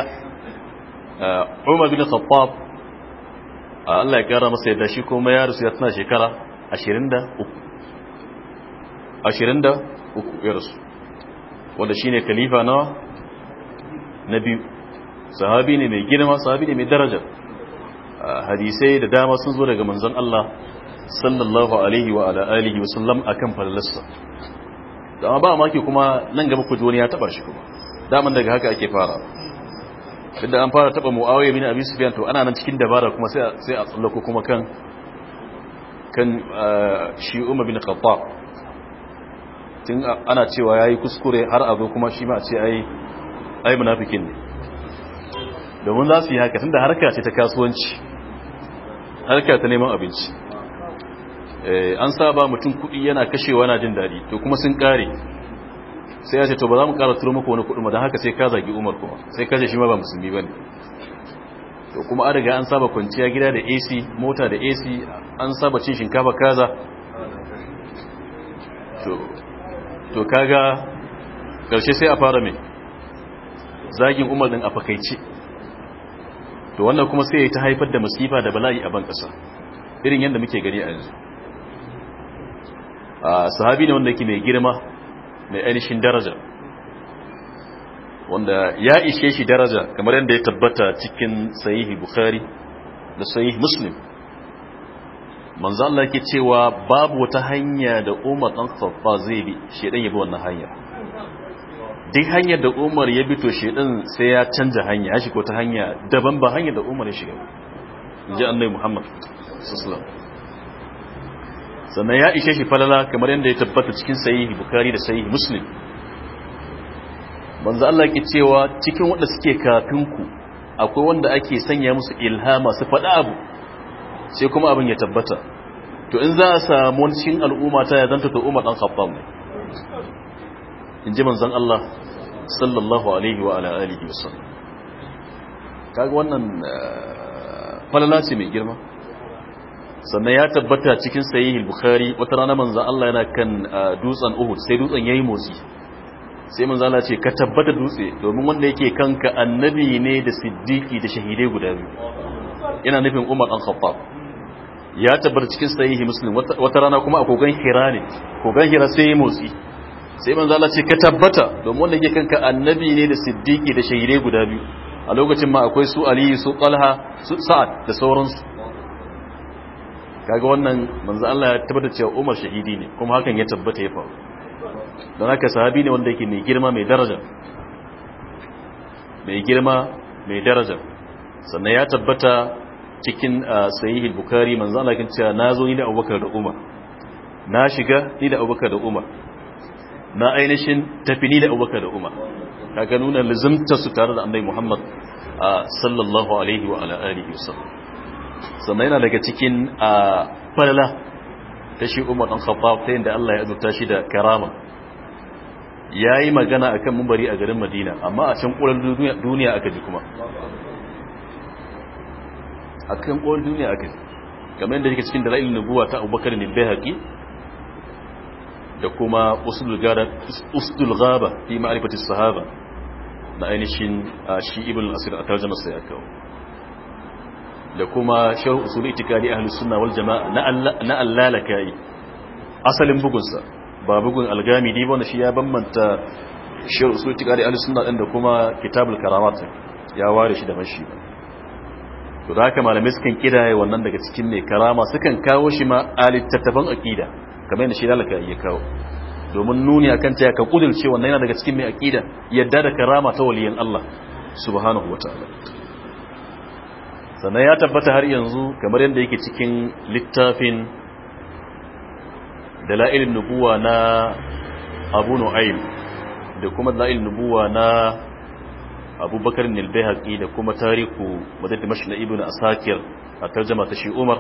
umar bin khattab Allah ya kara masa yadda shi kuma ya rusu ya tana shekara 23 uku irinsu wanda shine khalifa na na biyu sahabi ne mai girma sahabi ne mai daraja hadisai da dama sun zo daga manzon Allah sallallahu alaihi wa ala alihi wa sallam akan falalarsa da amma ba maki kuma nan gaba ku wani ya shi kuma daman daga haka ake fara inda an fara taba muawiya bin abi sufyan to ana nan cikin dabara kuma sai a tsallako kuma kan kan shi umar bin khattab tun ana cewa ya yi kuskure har a zo kuma shi ma a ce ai munafikin ne domin za su yi haka tun da harka ce ta kasuwanci harka ta neman abinci eh, an saba mutum kuɗi yana kashewa na jin daɗi to kuma sun ƙare sai ya ce to ba za mu ƙara turo maka wani kuɗi ma don haka sai ka zagi umar kuma sai ka ce shi ma ba musulmi ba ne to kuma an riga an saba kwanciya gida da AC mota da AC an saba cin shinkafa kaza to to kaga karshe sai a fara mai zagin umar a fakaice to wannan kuma sai ya ta haifar da masifa da bala'i a ban ƙasa irin yadda muke gani a yanzu sahabi ne wanda yake mai girma mai ainihin daraja wanda ya ishe shi daraja kamar yadda ya tabbata cikin sahihi bukhari da sahihi muslim manzo Allah yake cewa babu wata hanya da Umar dan Khattab zai bi shedan ya bi wannan hanya. duk hanyar da Umar ya bi to shedan sai ya canja hanya ya shiga ta hanya daban ba hanyar da Umar ya shiga inji Annabi Muhammad sallallahu alaihi sannan ya ishe shi falala kamar yadda ya tabbata cikin sahihi Bukhari da sahihi Muslim manzo Allah yake cewa cikin wanda suke kafin ku akwai wanda ake sanya musu ilhama su faɗa abu sai kuma abin ya tabbata to in za a samu wani cikin al'umma ta ya zanta to umar dan khattab ne in ji manzan Allah sallallahu alaihi wa ala alihi wasallam kaga wannan eh, falala ce mai girma sannan ya tabbata cikin sayi bukhari wata rana manzan Allah yana kan eh, dutsen uhud sai dutsen ya yi motsi sai manzan Allah ce ka tabbata dutse domin wanda yake kanka annabi ne da siddiki da shahidai guda biyu yana nufin umar an khattab ya tabbata cikin sahihi muslim wata rana kuma a kogan hira ne kogan hira sai ya motsi sai manzo Allah ce ka tabbata domin wanda yake kanka annabi ne da siddiqi da shahire guda biyu a lokacin ma akwai su ali su talha su sa'ad da sauransu kaga wannan manzo Allah ya tabbata cewa Umar shahidi ne kuma hakan ya tabbata ya faru don haka sahabi ne wanda yake mai girma mai daraja mai girma mai daraja sannan ya tabbata cikin uh, sahih al-bukhari manzo Allah kin cewa nazo ni da Abubakar da Umar na shiga ni da Abubakar da Umar na ainihin tafi ni da Abubakar da Umar kaga nuna lazimta su tare da Annabi Muhammad uh, sallallahu alaihi wa ala alihi wasallam sannan yana daga cikin uh, falala ta shi Umar dan Khattab ta yanda Allah ya azurta shi da karama yayi magana akan mumbari a garin Madina amma a can kuran duniya aka ji kuma a kan ƙwallon duniya a kai game da yake cikin dalilin nubuwa ta abubakar ne bai haƙi da kuma usul gaba fi ma'arifati sahaba na ainihin a shi ibn asir a tarjama sai aka da kuma shehu usul a halittu suna wal jama'a na allala yi asalin bugunsa ba bugun algami ne wanda shi ya bambanta shehu usul a halittu suna ɗan da kuma kitabul karamata ya ware shi da mashi ba to da haka malamai sukan kidaye wannan daga cikin mai karama sukan kawo shi ma a littattafan aqida kamar yadda shi dalaka ya kawo domin nuni akan ta ka kudurce wannan yana daga cikin mai aqida yadda da karama ta waliyan Allah subhanahu wataala sannan ya tabbata har yanzu kamar yadda yake cikin littafin dalailin nubuwa na Abu Nu'aym da kuma dalailin nubuwa na abubakar nilbehaki da kuma tariku wadda da ibn asakir a tarjama ta shi umar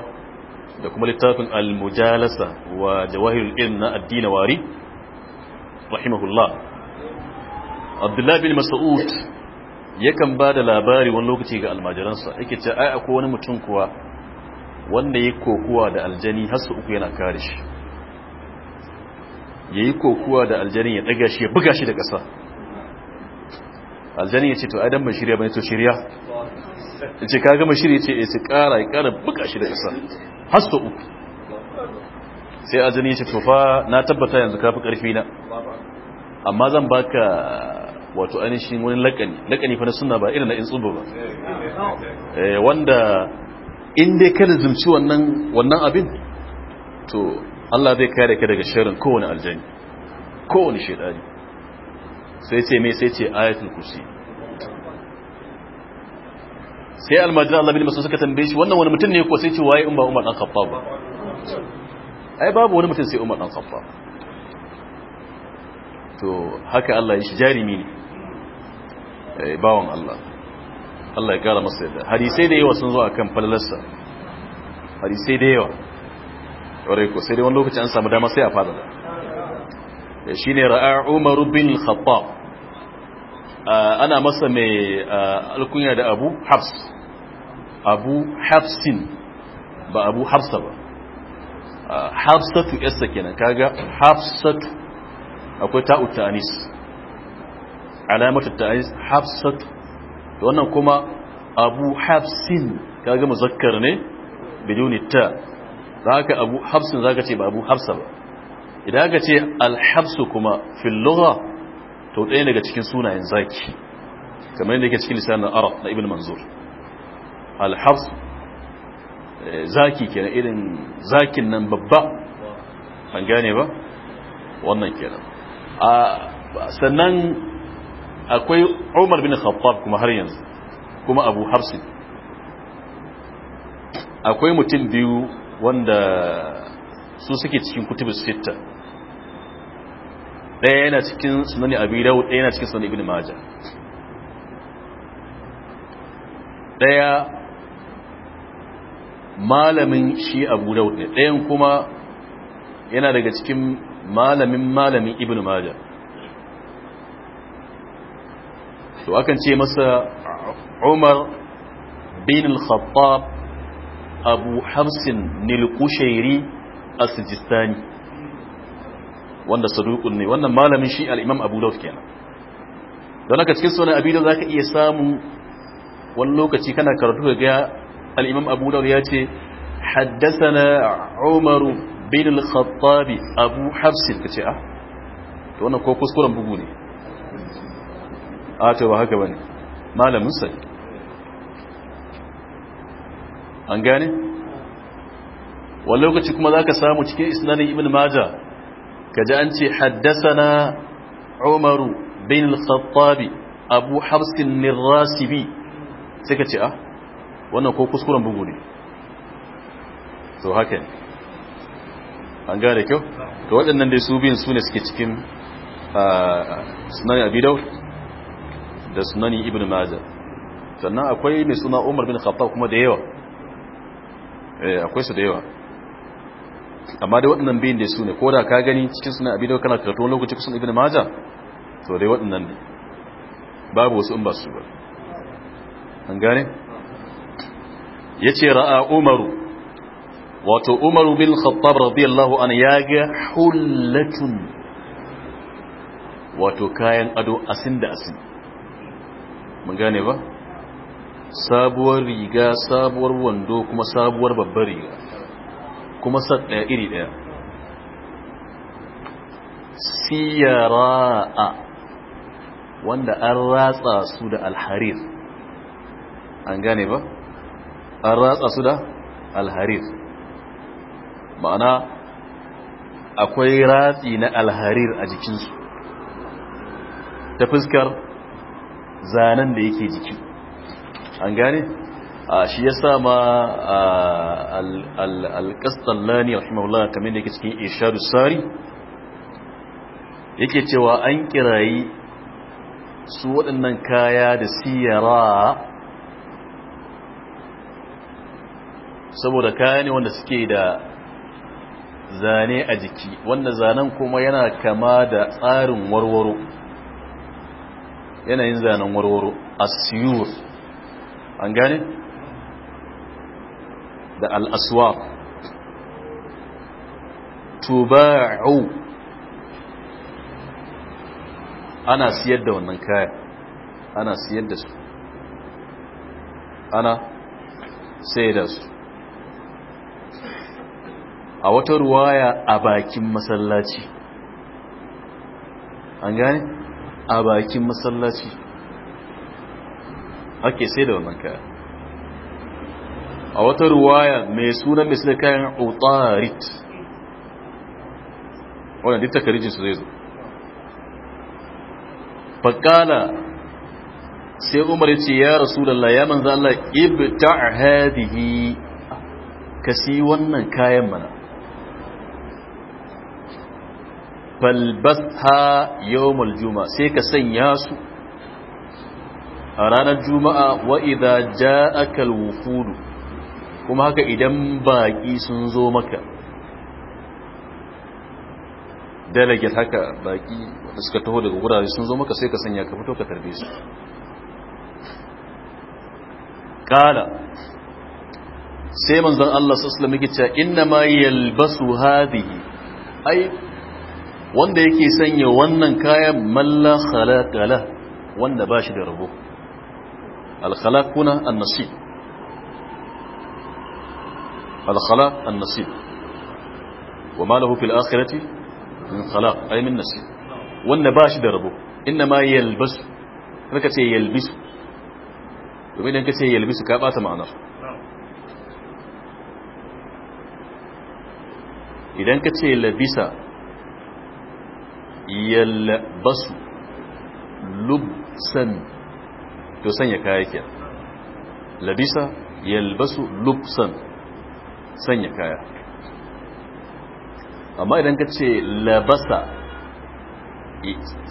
da kuma littafin al-mujalasa wa jawahirul ilm na addini wari rahimahullah abdullahi bin mas'ud yakan ba da labari wani lokaci ga almajiransa yake ce ai akwai wani mutum kuwa wanda ya kokuwa da aljani har uku yana kare shi yayi kokuwa da aljani ya ɗaga shi ya buga shi da ƙasa aljani ya ce to adam mai shirya bane to shirya ya ce kaga mai shirya ce ya ce kara eh, ya kara buka shi da kasa har so uku sai aljani ya ce to fa na tabbata yanzu kafi karfi na amma zan baka wato ainihin wani lakani lakani fa na suna ba irin na in tsubu ba eh, wanda in dai ka lazumci wannan wannan abin to Allah zai kare ka daga shirin kowane aljani kowane shaidani. sai ce mai sai ce ayatul kursi sai almajira Allah bin masu tambaye shi wannan wani mutum ne ko sai ce waye in ba Umar dan Khattab ba ai babu wani mutum sai Umar dan Khattab to haka Allah ya shi jarimi ne ai eh, bawon Allah Allah ya kara masa yadda hadisi da yawa sun zo akan falalarsa hadisi da yawa ƙwarai ko sai dai wani lokaci an samu dama sai a fadada shi ne ra'a Umaru bin khattab ah, ana masa mai ah, alkunya da abu hafs abu hafsin ba abu hafsa ba ah, hafsatu yasta kenan kaga hafsatu akwai ta'u ta'anis alamatu ta'anis hafsatu da wannan kuma abu hafsin kaga muzakkar ne biduni ta za ka abu hafsin za ka ce ba abu hafsa ba idan aka ce alhabsu kuma filloha to ɗaya daga cikin sunayen zaki kamar yadda yake cikin lisanin arab na ibn manzur alhabsu eh, zaki kenan irin zakin nan babba an gane ba wannan kenan sannan akwai umar bin khattab kuma har yanzu kuma abu hafsi akwai mutum biyu wanda su suke cikin kutubus sita ɗaya yana cikin sunani abi da ɗaya yana cikin sunani ibn maja ɗaya malamin shi abu daud ne ɗayan kuma yana daga cikin malamin malamin ibn maja to akan ce masa umar bin al-khattab abu hamsin nilkushairi a sijistani wanda saduqun ne wannan malamin shi al-imam abu Dawud kenan don haka cikin sunan abi Dawud zaka iya samu wani lokaci kana karatu ga al-imam abu Dawud ya ce haddathana umar bin al-khattab abu hafs kace ah to wannan ko kuskuren bugu ne a ah, ce ba haka bane malamin sai an gane wani lokaci kuma zaka samu cikin isnanin ibn majah kaji an ce haddasana umaru bin al-khattabi abu habsin nirrasibi sai ka ce ah wannan ko kuskuren bugu ne to haka ne an gane kyau to waɗannan dai su biyun su ne suke cikin ah, sunani abidau da sunani ibn majah sannan akwai mai suna umar bin khattab kuma da yawa eh, akwai su da yawa amma dai waɗannan biyun da su ne ko da ka gani cikin suna abin da kana karatu lokaci kusan ibn maja to dai waɗannan ne babu wasu in ba su ba an gane ya ce ra'a umaru wato umaru bin khattab radiyallahu an ya ga hullatun wato kayan ado asin da asin mun gane ba sabuwar riga sabuwar wando kuma sabuwar babbar riga kuma sat ɗaya iri ɗaya siyara wanda an ratsa su da alharir an gane ba an ratsa su da alharir ma'ana akwai ratsi na alharir a jikinsu ta fuskar zanen da yake jiki an gane Ah, shi ya sa ma ah, alƙastallani rahimahullah kamar da yake cikin ishadu sari yake cewa an kirayi su waɗannan kaya da siyara saboda kaya ne wanda suke da zane a jiki wanda zanen kuma yana kama da tsarin warwaro yanayin zanen warwaro siyu an gane? da al'aswar tuba'u ana siyar da wannan kaya ana siyar da su ana sai da su a wata ruwaya a bakin masallaci an gane a bakin masallaci ake sai da wannan kaya a wata ruwaya mai sunan mai suna kayan utarit wannan duk takarijinsu zai zo faƙala sai umar ya ce ya rasu da ya manza Allah ibta hadihi ka si wannan kayan mana falbasta yawmul juma sai ka sanya su a ranar juma'a wa idza ja'aka al-wufudu kuma haka idan baƙi sun zo maka delegate haka baƙi suka taho daga wurare sun zo maka sai ka sanya ka fito ka tarbe su kala sai manzan Allah sallallahu alaihi wasallam inna ma yalbasu hadhihi ai wanda yake sanya wannan kayan malla khalaqala wanda bashi da rabo al khalaquna an-nasib الخلاء النصيب وما له في الآخرة من خلاق أي من نصيب والنباش دربه إنما يلبس هذا كتير يلبس ومن أنك كتير يلبس كابات معنى إذا أنك لبس يلبس يلبس لبسا to sanya kaya يلبس لبسا sanya kaya amma idan ka ce labasa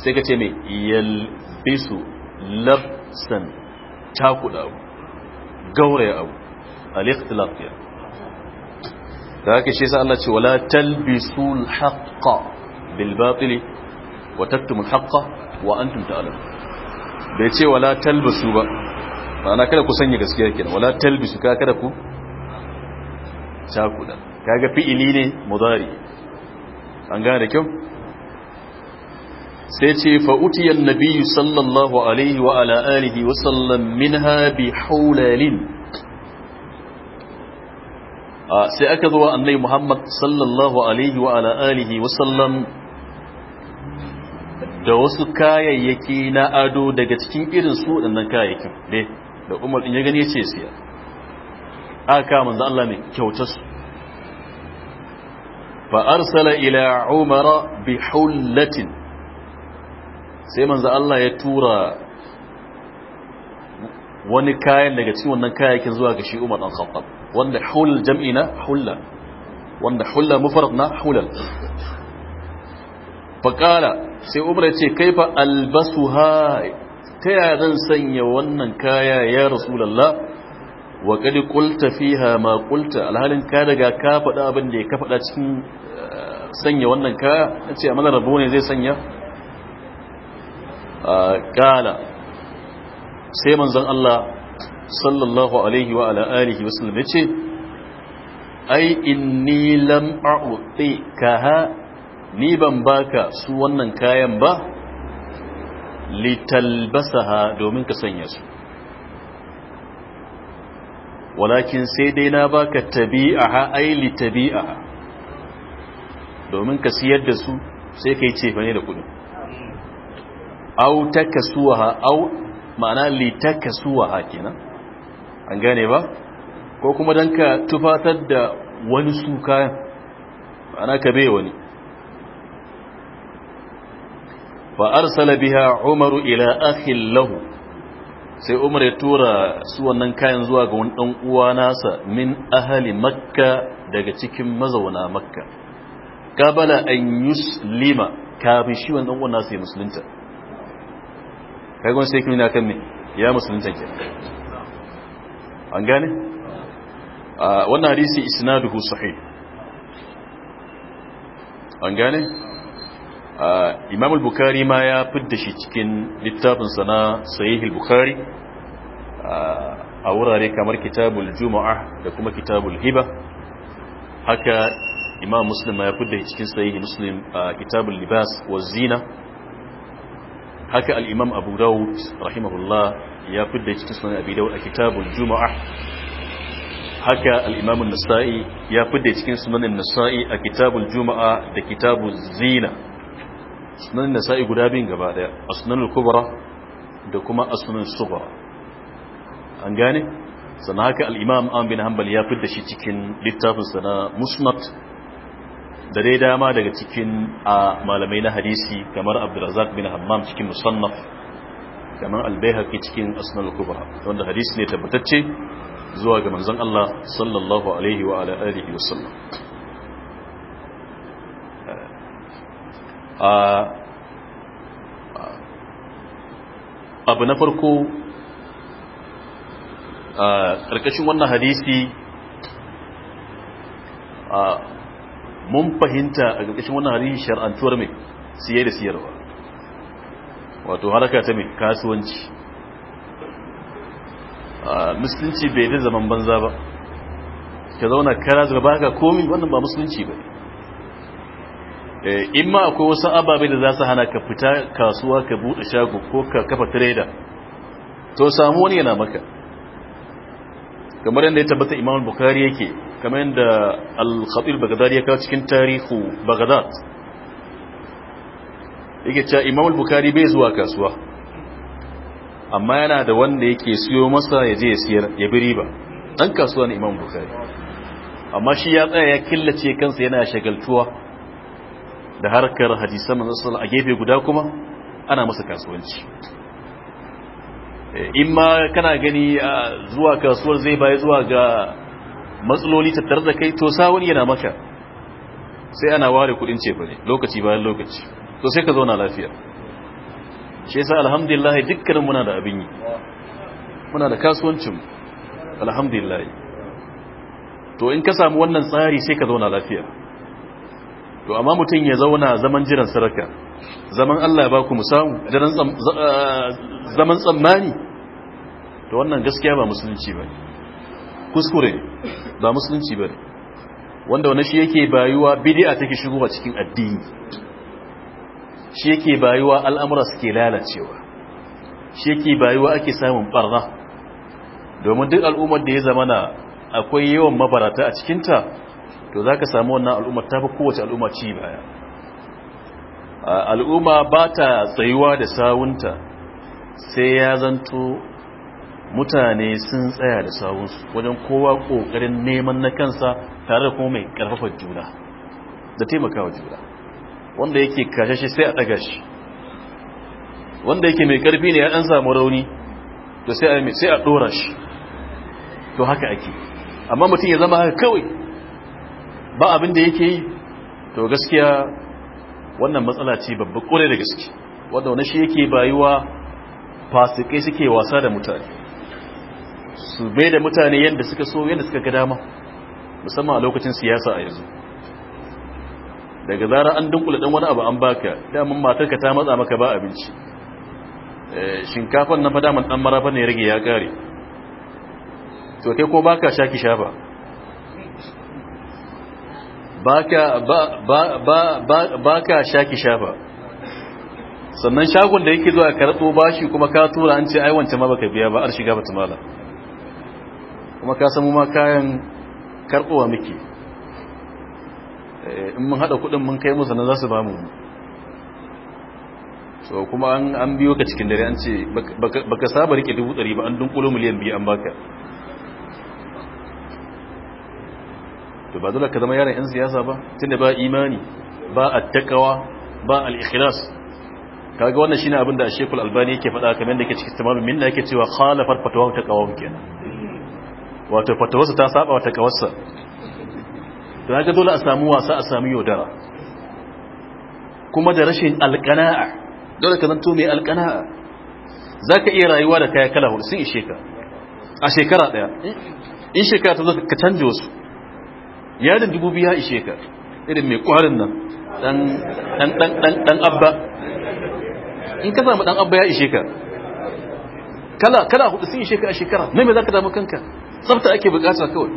sai ka ce mai yalbisu labsan cakuda abu gauraya abu al-ikhtilaf da haka shi sa'ala Allah ce wala talbisu haqqa bil batili wa tattumin haqqa wa antum ta'lamun bai ce wala talbisu ba ma'ana kada ku sanya gaskiya kenan wala talbisu ka kada ku cakuda kaga fi'ili ne mudari an gane da kyau sai ce fa'utiyan nabiyu sallallahu alaihi wa ala alihi wa sallam minha bi haulalin sai aka zuwa annai muhammad sallallahu alaihi wa ala alihi wa sallam da wasu kayayyaki na ado daga cikin irin su ɗannan kayayyakin ne da umar in ya gani ce siya aka kawo manzo Allah ne kyautarsu fa arsala ila umara bi hullatin sai manzo Allah ya tura wani kayan daga cikin wannan kayakin zuwa ga shi Umar dan Khattab wanda hul jam'i hulla wanda hulla mufarad na hulal fa qala sai Umar ya ce kaifa albasuha ta yaya zan sanya wannan kaya ya rasulullah wa kadi qulta fiha ma qulta alhalin ka daga ka faɗa abin da ya ka faɗa cikin eh, sanya wannan kaya yace amma rabu ne zai sanya kala ah, sai manzon Allah sallallahu alaihi wa ala alihi wasallam yace ai inni lam a'tika ni ban baka su wannan kayan ba litalbasaha domin ka sanya su walakin sai dai na baka tabi'a ai li tabi'a domin ka siyar da su sai kai ce bane da kudin au ha, au ma'ana li ha kenan an gane ba ko kuma dan ka tufatar da wani su kayan ma'ana ka bai wani fa arsala biha umaru ila akhi lahu sai umar ya tura su wannan kayan zuwa ga wani dan uwa nasa min ahali makka daga cikin mazauna makka kabala an yuslima kafin shi wannan uwa nasa ya musulunta kai gwan sai kimi na kan ne ya musulunta ke an gane ah, wannan hadisi isnaduhu sahih an gane imam al-bukhari ma ya fidda shi cikin littafinsa na sahih al-bukhari a wurare kamar kitabul juma'a da kuma kitabul hiba haka imam muslim ma ya fidda shi cikin sahih muslim a kitabul libas wa zina haka al-imam abu daud rahimahullah ya fidda cikin sunan abi daud a kitabul juma'a haka al-imam an-nasa'i ya fidda cikin sunan an-nasa'i a kitabul juma'a da kitabuz zina sunan nasa'i guda biyun gaba daya asnanul kubra da kuma asnanul sughra an gane sana haka al-imam an bin hanbal ya fi da shi cikin littafin sa na musnad da dai dama daga cikin malamai na hadisi kamar abdurrazzaq bin hammam cikin musannaf kamar al cikin asnanul kubra wanda hadisi ne tabbatacce zuwa ga manzon Allah sallallahu alaihi wa wasallam abu na farko ƙarƙashin wannan hadisi mun fahimta a ƙarƙashin wannan hadisi shar'antuwar mai siye da siyarwa wato haraka ta mai kasuwanci musulunci bai da zaman banza ba ka zauna kara ba ka komi wannan ba musulunci ba Eh, in ma akwai wasu ababe da za su hana ka fita kasuwa ka buɗe shago ko ka kafa trader to samu wani yana maka kamar yadda ya tabbata imam bukari yake kamar yadda al-khatir bagadad ya kawo cikin tarihu bagadad yake cewa imam bukari bai zuwa kasuwa amma yana da wanda yake siyo masa ya je ya siyar ya bi riba dan kasuwa ne imam bukari amma shi ya tsaya ya killace kansa yana shagaltuwa da harkar hadisan manzon sallallahu a gefe guda kuma ana masa kasuwanci eh, in ma kana gani zuwa kasuwar zai baya zuwa ga matsaloli tattar da kai to sawun yana maka sai ana ware kudin cefa ne lokaci bayan lokaci to sai ka zauna lafiya shi yasa alhamdulillah dukkanin muna da abin yi muna da kasuwancin alhamdulillah to in ka samu wannan tsari sai ka zauna lafiya to amma mutum ya zauna zaman jiran saraka zaman Allah ya ba ku musamu zaman tsammani to wannan gaskiya ba musulunci ba kuskure ba musulunci ba wanda wani shi yake bayuwa bidi'a take shigowa cikin addini shi yake bayuwa al'amura suke lalacewa shi yake bayuwa ake samun barna domin duk al'ummar da ya zamana akwai yawan mabarata a cikinta to za ka samu wannan al'ummar ta fi kowace al'umma ci baya al'umma ba ta tsayuwa da sawunta sai ya zanto mutane sun tsaya da sawunsu wajen kowa ƙoƙarin neman na kansa tare da kuma mai ƙarfafa juna da taimakawa juna wanda yake kashe shi sai a ɗaga shi wanda yake mai ƙarfi ne ya ɗan samu rauni to sai a ɗora shi to haka ake amma mutum ya zama haka kawai ba abin da yake yi to gaskiya wannan matsala ce babba kore da gaske wanda wani shi yake bayuwa fasikai suke wasa da mutane su bai da mutane yadda suka so yadda suka ga dama musamman a lokacin siyasa a yanzu daga zara an dunkula dan wani abu an baka daman matarka ta matsa maka ba abinci eh, shinkafan na fada man dan marafa ne rage ya kare to kai ko baka shaki shafa ba ka shaki shafa sannan shagon da yake zuwa karɓo bashi kuma ka tura an ce aiwance ma baka biya ba ar shiga ba tumala kuma ka samu ma kayan karɓowa muke eh, in mun haɗa kuɗin mun kai musu na za su ba mu so kuma an biyo ka cikin dare an ce baka saba rike dubu ɗari ba an dunkulo miliyan biyu an baka to ba dole ka zama yaron yan siyasa ba tunda ba imani ba attaqwa ba al-ikhlas kaga wannan shine abin da Sheikhul Albani yake faɗa kamar yadda yake cikin tamamin minna yake cewa khalafat fatawa ta qawam kenan wato fatawarsa ta saba wata kawarsa to kaga dole a samu wasa a samu yaudara kuma da rashin alqana'a dole ka zanto mai alqana'a zaka iya rayuwa da kai kala hudu sun ishe ka a shekara daya in shekara ta zo ka canje wasu Yadin dubu biya ishe ka irin mai kwarin nan dan abba in ka zama dan abba ya ishe ka kala kala hudu sun ishe ka a shekara mai mai za ka damu kanka tsafta ake bukata kawai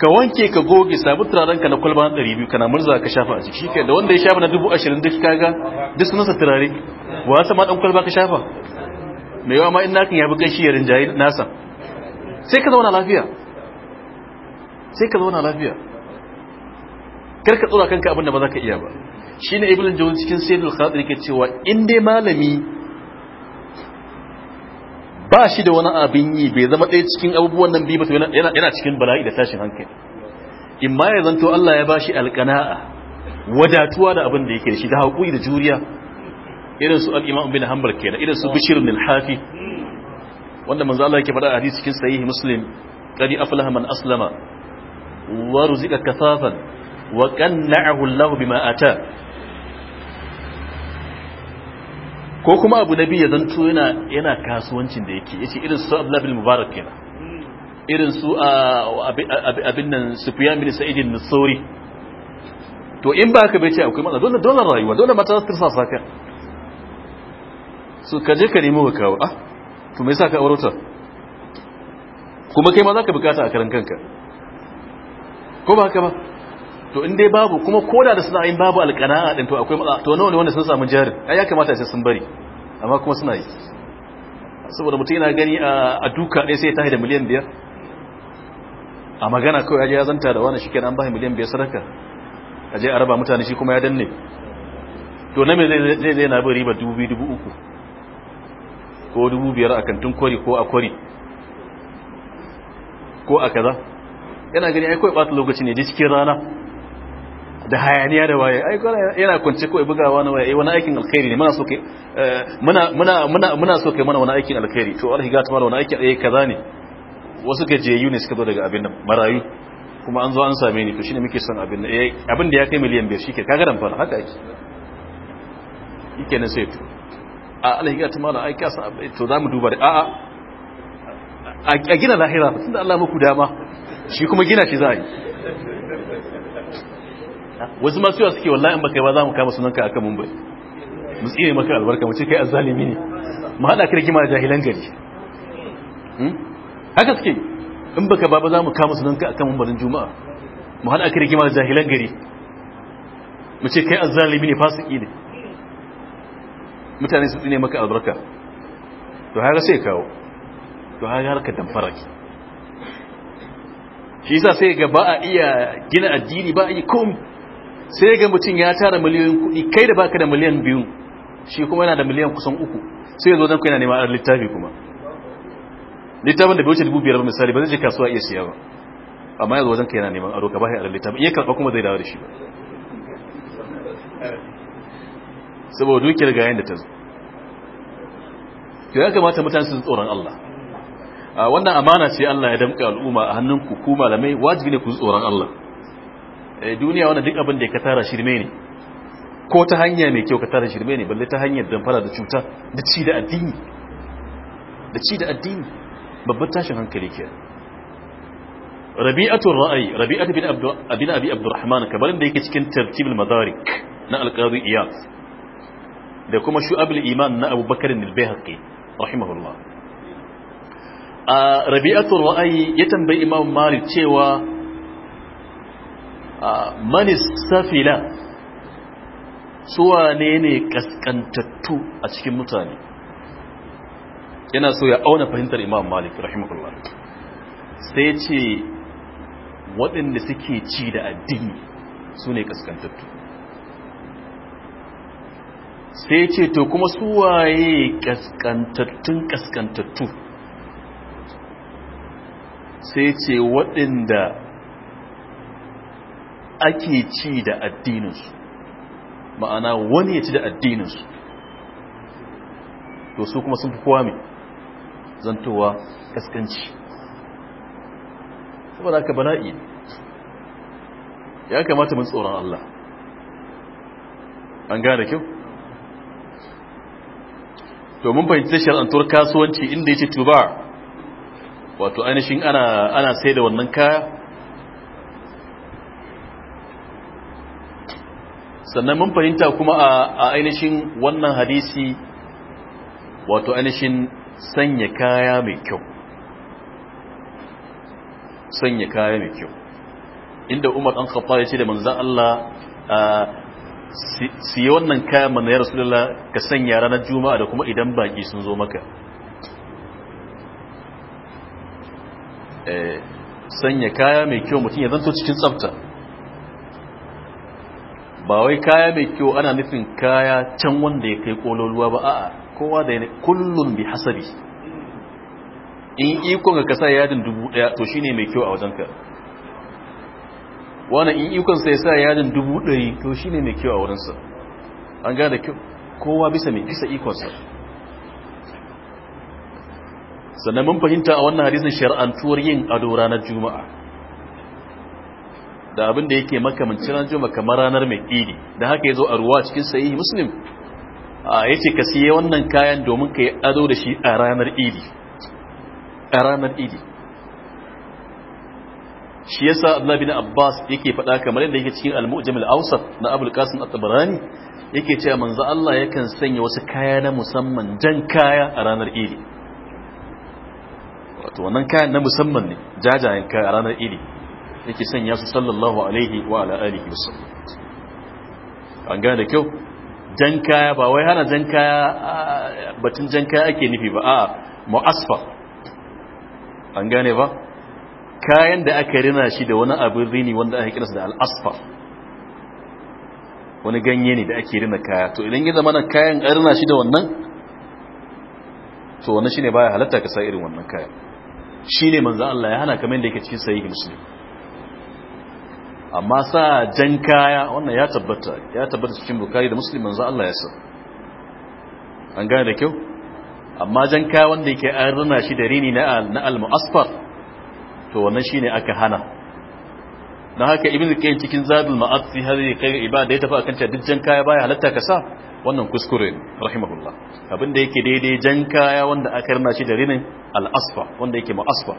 ka wanke ka goge sabu turaren ka na kwalba na 200 kana murza ka shafa a cikin shi da wanda ya shafa na 20,000 duk kaga duk sunansa turare wa sama dan kwalba ka shafa mai yawa ma in nakan ya bi gashi yarin jayi nasa sai ka zauna lafiya sai ka zauna lafiya kar ka tsora kanka abinda ba za ka iya ba shi ne ibn jawun cikin sayyidul khatir ke cewa inda malami ba shi da wani abin yi bai zama ɗaya cikin abubuwan nan biyu yana cikin bala'i da tashin hankali in ma ya zanto Allah ya bashi alƙana'a wadatuwa da abin da yake da shi da haƙuri da juriya irin su al'imam bin bin ke kenan irin su bishir bin Hafi wanda manzo Allah yake faɗa a hadisi cikin sahihi Muslim qad aflaha man aslama wa ruzika kasafan wa qanna'ahu Allah bima ata ko kuma abu nabi ya zanto yana yana kasuwancin da yake yace irin su Abdullah bin Mubarak kenan irin su abin nan Sufyan bin Sa'id bin thawri to in ba ka bai ce akwai matsala dole dole rayuwa dole mata su tirsa saka su ka je ka nemi kawo ah to me yasa ka aurota kuma kai ma zaka bukata a karan kanka ko ba haka ba to in dai babu kuma koda da suna yin babu alƙana'a din to akwai matsala to nawa ne wanda sun samu jarin ai ya kamata sai sun bari amma kuma suna yi saboda mutum yana gani a duka ɗaya sai ta tahi da miliyan biyar a magana kawai ya zanta da wani shike an bai miliyan biyar sadaka a je a raba mutane shi kuma ya danne to na mai zai zai na bin riba dubu dubu uku ko dubu biyar a kantin kwari ko a kwari ko a kaza yana gani ai kawai ɓata lokaci ne cikin rana da hayaniya da waye ai yana kwance kawai bugawa na waye eh, wani aikin alkhairi ne muna so kai eh, muna muna muna so mana wani aikin alkhairi to Allah ya mara wani aikin ayyuka eh, kaza ne wasu gajeyu ne suka zo daga abin da marayu kuma an zo an same ni to shine muke son abin da ya kai miliyan biyar shi ke dan fara haka yake yake ne sai to a Allah ya mana ai kasa to mu duba da a a gina lahira tunda Allah muku dama shi kuma gina shi za a yi wasu masu yawa suke wallahi in baka yi ba za mu kama sunanka a kan bai mu tsire maka albarka mu ce kai azzalimi ne mu haɗa kira gima da jahilan gari hmm? haka suke in baka ba ba za mu kama sunanka kan mumbarin juma'a mu haɗa kira gima da jahilan gari mu ce kai azzalimi ne fasiki ne mutane su tsine maka albarka to haka sai kawo to haka harkar damfara ki shi yasa sai ga ba a iya gina addini ba a yi kom sai ga mutum ya tara miliyoyin kuɗi kai da baka da miliyan biyu shi kuma yana da miliyan kusan uku sai ya zo don yana neman littafi kuma littafin da bai wuce dubu biyar misali ba zai je kasuwa iya siya ba amma ya zo wajen ka yana neman aro ka ba shi a littafin iya karɓa kuma zai dawo da shi ba saboda dukiyar ga yayin da ta zo to ya kamata mutane su tsoron Allah wannan amana ce Allah ya damƙa al'umma a hannun ku ku malamai wajibi ne ku tsoron Allah eh, duniya wannan duk abin da ka tara shirme ne ko ta hanya mai kyau ka tara shirme ne balle ta hanyar damfara da cuta da ci da addini da ci da addini babban tashin hankali ke rabi'atul ra'ayi rabi'atu bin abin abi abdurrahman kamar da yake cikin tartibul madarik na al alqadi iyad da kuma shu'abul iman na abubakar al-bayhaqi rahimahullah a rabi'atul ra'ayi ya tambayi imam malik cewa man safila suwa ne ne kaskantattu a cikin mutane yana so ya auna fahimtar imam malik rahimahullah sai ce waɗanda suke ci da addini su ne kaskantattu sai ce to kuma suwaye kaskantattun kaskantattu sai ce waɗanda ake ci da addininsu ma'ana wani ya ci da addininsu to su kuma sun fi kowa mai zantowa kaskanci saboda iya bala'i ya kamata mun tsoron Allah an gane kyau to mun fahimci tashar antuwar kasuwanci inda ya ce tubar wato ainihin ana ana sai da wannan kaya sannan mun fahimta kuma a ainihin wannan hadisi wato ainihin sanya kaya mai kyau sanya kaya mai kyau inda umar an kafa ya ce da manzan Allah siye wannan kaya mana ya rasulullah ka sanya ranar juma'a da kuma idan baki sun zo maka Eh, sanya kaya mai kyau mutum ya zanto cikin tsafta ba wai kaya mai kyau ana nufin kaya can wanda ya kai kololuwa ba a'a kowa da yana kullum bi hasabi in ikon ka sa yadin dubu daya to shine mai kyau a wajenka wani in ikon sai sa yadin dubu ɗari to shine mai kyau a wurinsa an gane kyau kowa bisa mai bisa ikonsa sannan mun fahimta a wannan hadisin shari'antuwar yin ado ranar juma'a da abinda yake makamancin ranar juma'a kamar ranar mai idi da haka ya zo a ruwa cikin sayi muslim a yace ka siye wannan kayan domin ka yi ado da shi a ranar idi a ranar idi shi ya sa allah bin Abbas yake faɗa kamar yadda yake cikin Al-Mu'jam Al-Awsat na Abul Qasim At-Tabarani yake cewa manzo Allah yakan sanya wasu kaya na musamman jan kaya a ranar idi wato wannan kayan na musamman ne jajayen kayan ranar iri yake sanya su sallallahu alaihi wa ala alihi an gane da kyau jan kaya ba wai hana jan kaya batun jan kaya ake nufi ba a mu'asfa an gane ba kayan da aka rina shi da wani abin rini wanda aka kiransa da al'asfa wani ganye ne da ake rina kaya to idan ya zama na kayan a rina shi da wannan to wannan ne baya halatta ka sa irin wannan kayan Shi ne manzan Allah ya hana kamar da yake cikin sahih muslim amma sa jan kaya wannan ya tabbata ya tabbata cikin bukari da muslim manzan Allah ya sa an gane da kyau amma jan kaya wanda yake an rana shi da rini na al-mu'asfar to wannan shi ne aka hana dan haka ibnu qayyim cikin zadul ma'ad fi hadhihi kai ibada ya tafi akan cewa duk jan kaya baya halatta ka sa wannan kuskure rahimahullah abinda yake daidai jan kaya wanda aka rina shi da rinin al'asfa wanda yake ma'asfa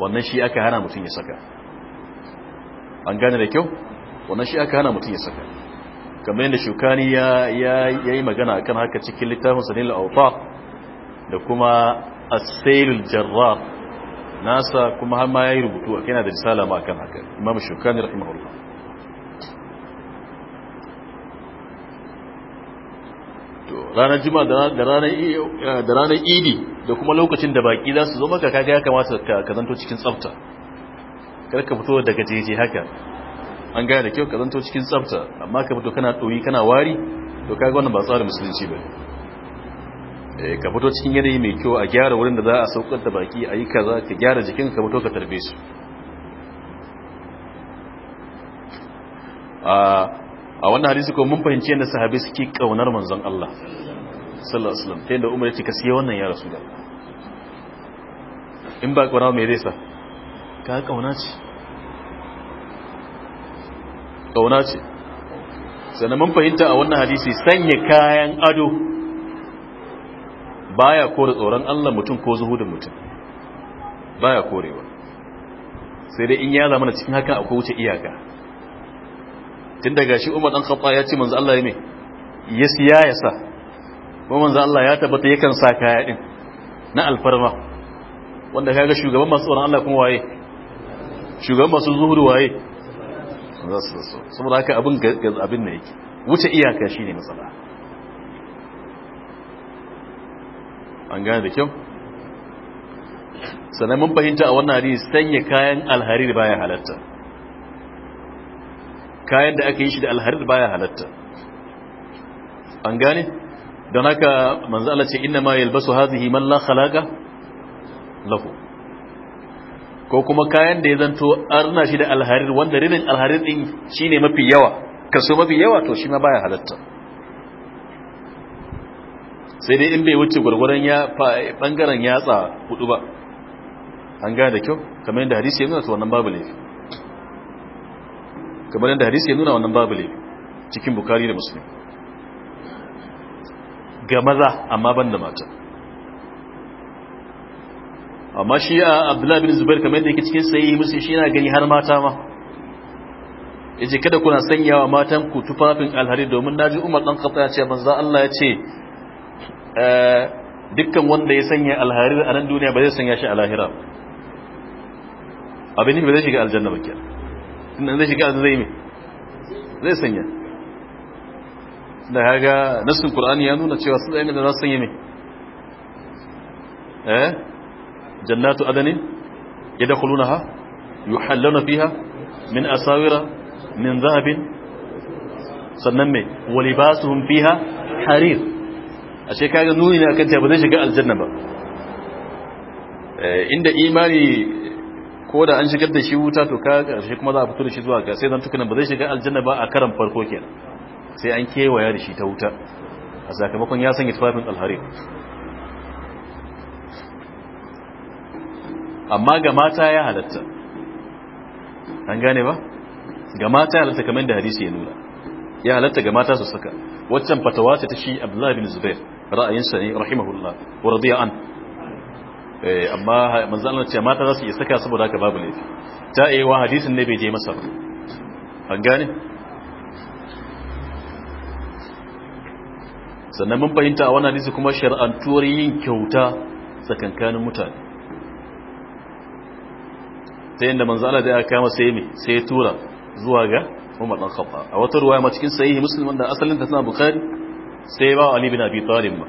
wannan shi aka hana mutum ya saka an gane da kyau wannan shi aka hana mutum ya saka kamar yadda shukani ya yi magana kan haka cikin littafin sanil aufa da kuma asailul jarrar nasa kuma har ma ya yi rubutu a kai na da risala ma kan haka imam shukani rahimahullah ranar jima eh, da ranar idi da kuma lokacin da baki za su zo maka kaga ya kamata ka zanto cikin tsafta kar ka fito daga jeje haka an gaya da kyau ka zanto cikin tsafta amma ka fito kana ɗoyi kana wari to kaga wannan ba tsarin musulunci ba eh, ka fito cikin yanayi mai kyau a gyara wurin da za a saukar da baki a yi kaza ka gyara jikin ka fito ka tarbe su ah, a wannan hadisi ko mun fahimci yadda sahabbai suke kaunar manzon Allah sallallahu alaihi wasallam ta yadda umar ya ce ka siya wannan ya rasu da in ba kauna mai zai sa ka kauna ce kauna ce sannan mun fahimta a wannan hadisi sanya kayan ado baya kore tsoron Allah mutum ko zuhudin mutum baya korewa sai dai in ya zama cikin haka akwai wuce iyaka tun daga shi umar ɗan kafa ya ce manzu Allah ya me ya siya ya sa kuma manzu Allah ya tabbata yakan sa kaya ɗin na alfarma wanda kaga shugaban masu tsoron Allah kuma waye shugaban masu zuhuru waye saboda haka abin abin na yake wuce iyaka shine matsala an gane da kyau sannan mun fahimta a wannan hadisi sanya kayan da baya halatta kayan da aka yi shi da alharir baya halatta an gane don haka manzo Allah ce inna ma yalbasu hadhihi man la khalaqa lahu ko kuma kayan da ya zanto arna shi da alharir wanda rinin alharir din shine mafi yawa kaso mafi yawa to shi ma baya halatta sai dai in bai wuce gwargwaron ya bangaren yatsa hudu ba an gane da kyau kamar yadda hadisi ya nuna to wannan babu laifi kamar yadda hadisi ya nuna wannan babu ne cikin bukari da musulmi ga maza amma ban da mata amma shi a abdullahi bin zubair kamar yadda yake cikin sayi musu shi yana gani har mata ma yace kada kuna sanyawa matan ku tufafin alhari domin na ji umar dan kafa ya ce manzo Allah ya ce eh, dukkan wanda ya sanya alhari a nan duniya ba zai sanya shi a lahira abin ne ba zai shiga aljanna ba kenan tunda zai shiga zai mai zai sanya da haga nassin qur'ani ya nuna cewa su da za su sanya mai eh jannatu adanin yadkhulunaha yuhalluna fiha min asawira min zahabin sannan mai walibasuhum fiha harir ashe kaga nuni ne akan ta ba zai shiga aljanna ba eh, inda imani ko da an shigar da shi wuta to ka karshe kuma za a fito da shi zuwa ga sai dan tukunan ba zai shiga aljanna ba a karan farko kenan sai an kewaya da shi ta wuta a sakamakon ya sanya tufafin alhari amma ga mata ya halatta an gane ba ga mata ya halatta kamar da hadisi ya nuna ya halatta ga mata su saka waccan fatawa ta shi abdullahi bin zubair ra'ayinsa ne rahimahullah wa radiya an Eh, amma manzan Allah ce mata za su iya saka saboda haka babu laifi ta yi eh, wa hadisin ne bai je masa ba an gane sannan mun fahimta a wannan hadisi kuma shar'antuwar yin kyauta tsakankanin mutane ta yadda manzan Allah da ya kama sai mai sai ya tura zuwa ga Umar dan Khattab a wata ruwaya ma cikin sahihi Muslim wanda asalin ta tana Bukhari sai ba Ali bin Abi Talib ma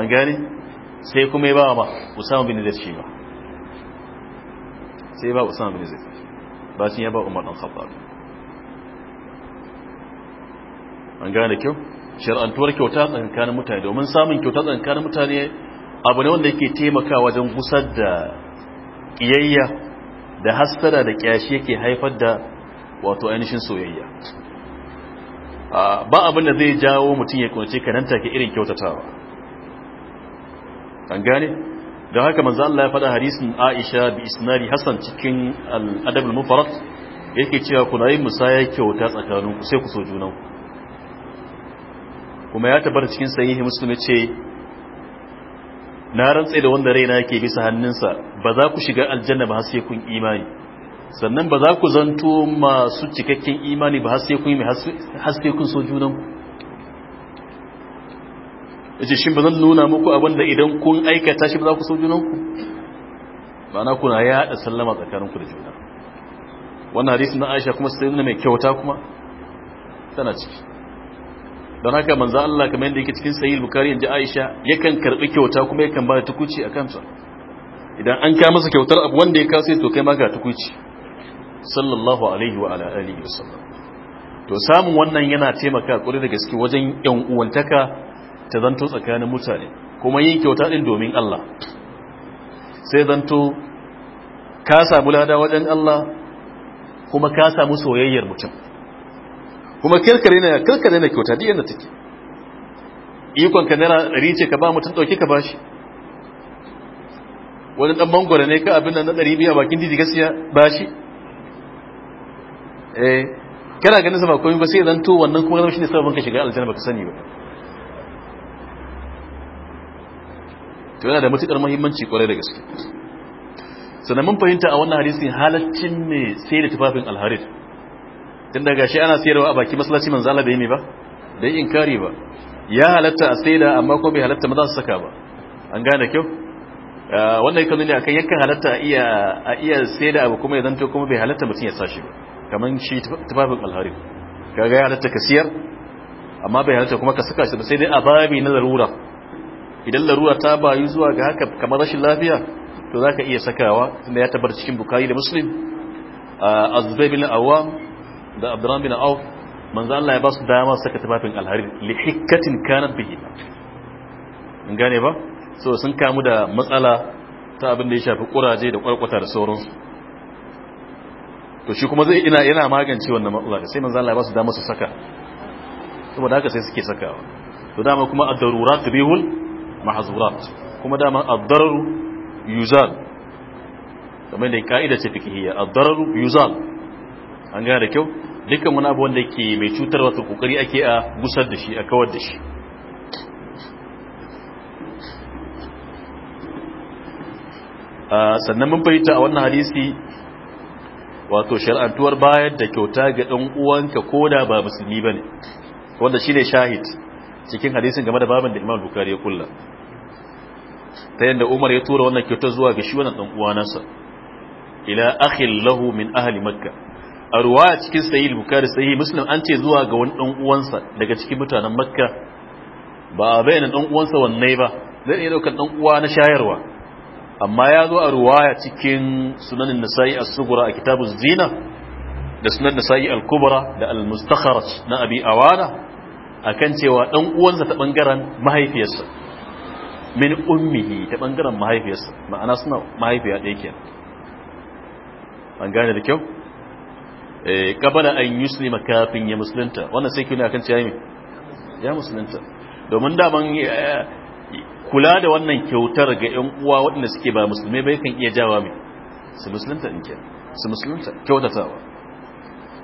an gane sai kuma ya ba ba usama bin zai shi ba sai ba usama bin zai ba sun ya ba umar dan khattab an gane kyau shar'antuwar kyauta tsakankanin mutane domin samun kyauta tsakankanin mutane abu ne wanda yake taimaka wajen gusar da kiyayya da hasara da ƙyashi yake haifar da wato ainihin soyayya ba abin da zai jawo mutum ya kunce ka nan take irin kyautatawa an gane da haka manzo Allah ya faɗa hadisin Aisha bi isnari Hassan cikin al-adab al-mufrad yake cewa kuna yin musaya kyauta tsakanin ku sai ku so junan kuma ya tabbata cikin sahihi Muslim ce na rantsa da wanda raina yake bisa hannunsa ba za ku shiga aljanna ba kun imani sannan ba za ku zanto masu cikakken imani ba kun so junan ku yace shin bazan ba zan nuna muku abinda idan kun aikata shi ba za ku so junanku ma'ana kuna yaɗa sallama tsakaninku da juna wannan hadisi na aisha kuma sai mai kyauta kuma tana ciki don haka manzo Allah kamar yadda yake cikin sahih bukhari inji aisha yakan karbi kyauta kuma yakan ba da tukuci a ta? idan an ka masa kyautar abu wanda ya kasa to kai ma ga tukuci sallallahu alaihi wa ala alihi wasallam to samun wannan yana taimaka kuri da gaske wajen yan uwantaka ta zanto tsakanin mutane kuma yin kyauta din domin Allah sai zanto ka samu lada wajen Allah kuma ka samu soyayyar mutum kuma kirkare na kirkare na kyauta duk yadda take ikon ka naira ɗari ce ka ba mutum ɗauki ka bashi wani ɗan mangwara ne ka abin nan na ɗari biya bakin didi gaskiya bashi eh kana ganin sa ba komai ba sai zanto wannan kuma zama shi ne sabon ka shiga aljanna ka sani ba to yana da matukar muhimmanci kwarai da gaske sannan mun fahimta a wannan hadisin halaccin ne sai da tufafin alharid tun da gashi ana sayarwa a baki masallaci manzo Allah da ne ba dai inkari ba ya halatta a saida amma ko bai halatta maza su saka ba an gane kyau wannan yakan nuna akan yakan halatta a iya a iya saida abu kuma ya to kuma bai halatta mutun ya sashi ba kaman shi tufafin alharid kaga ya halatta ka amma bai halatta kuma ka saka shi ba sai dai a babi na larura idan larura ta bayu zuwa ga haka kamar rashin lafiya to za ka iya sakawa inda ya tabar cikin bukari da muslim azbay bin awam da abdurrahman bin auf manzo Allah ya ba su dama su saka tafafin alharin li hikkatin kanat bihi in gane ba so sun kamu da matsala ta abin da ya shafi kuraje da kwarkwata da sauransu to shi kuma zai ina yana magance wannan matsala sai manzo Allah ya ba su dama su saka saboda haka sai suke sakawa to dama kuma ad-darurat bihul mahzurat kuma dama ad-dararu yuzal kamar da kaida ce fiqhiyya ad-dararu yuzal an gane da kyau dukkan wani abu wanda ke mai cutar to kokari ake a gusar da shi a kawar da shi sannan mun fahimta a wannan hadisi wato shar'antuwar bayar da kyauta ga ɗan uwanka ko da ba musulmi ba ne wanda shi ne shahid cikin hadisin game da babin da imam bukari ya kulla ta yadda umar ya tura wannan kyautar zuwa ga shi wannan dan ila ahil lahu min ahli makka a ruwa a cikin sahih bukhari sahih muslim an ce zuwa ga wani ɗan’uwansa daga cikin mutanen makka ba a bayanin dan uwansa wanne ba zai iya daukar ɗan’uwa uwa na shayarwa amma ya zo a ruwa a cikin sunanin nasa'i as sugura a kitabun zina da sunan nasa'i al-kubra da al mustakharat na abi awana akan cewa dan uwansa ta ɓangaren mahaifiyarsa min ummihi ta bangaren mahaifiyarsa ma'ana suna mahaifiya ɗaya ke an gane da kyau kabala eh, an yuslima kafin ya musulunta wannan sai kuna kan ciyayi ya musulunta domin daman eh, kula da wannan kyautar ga yan uwa waɗanda suke ba musulmai bai kan iya jawa mai su musulunta in ke su musulunta kyautatawa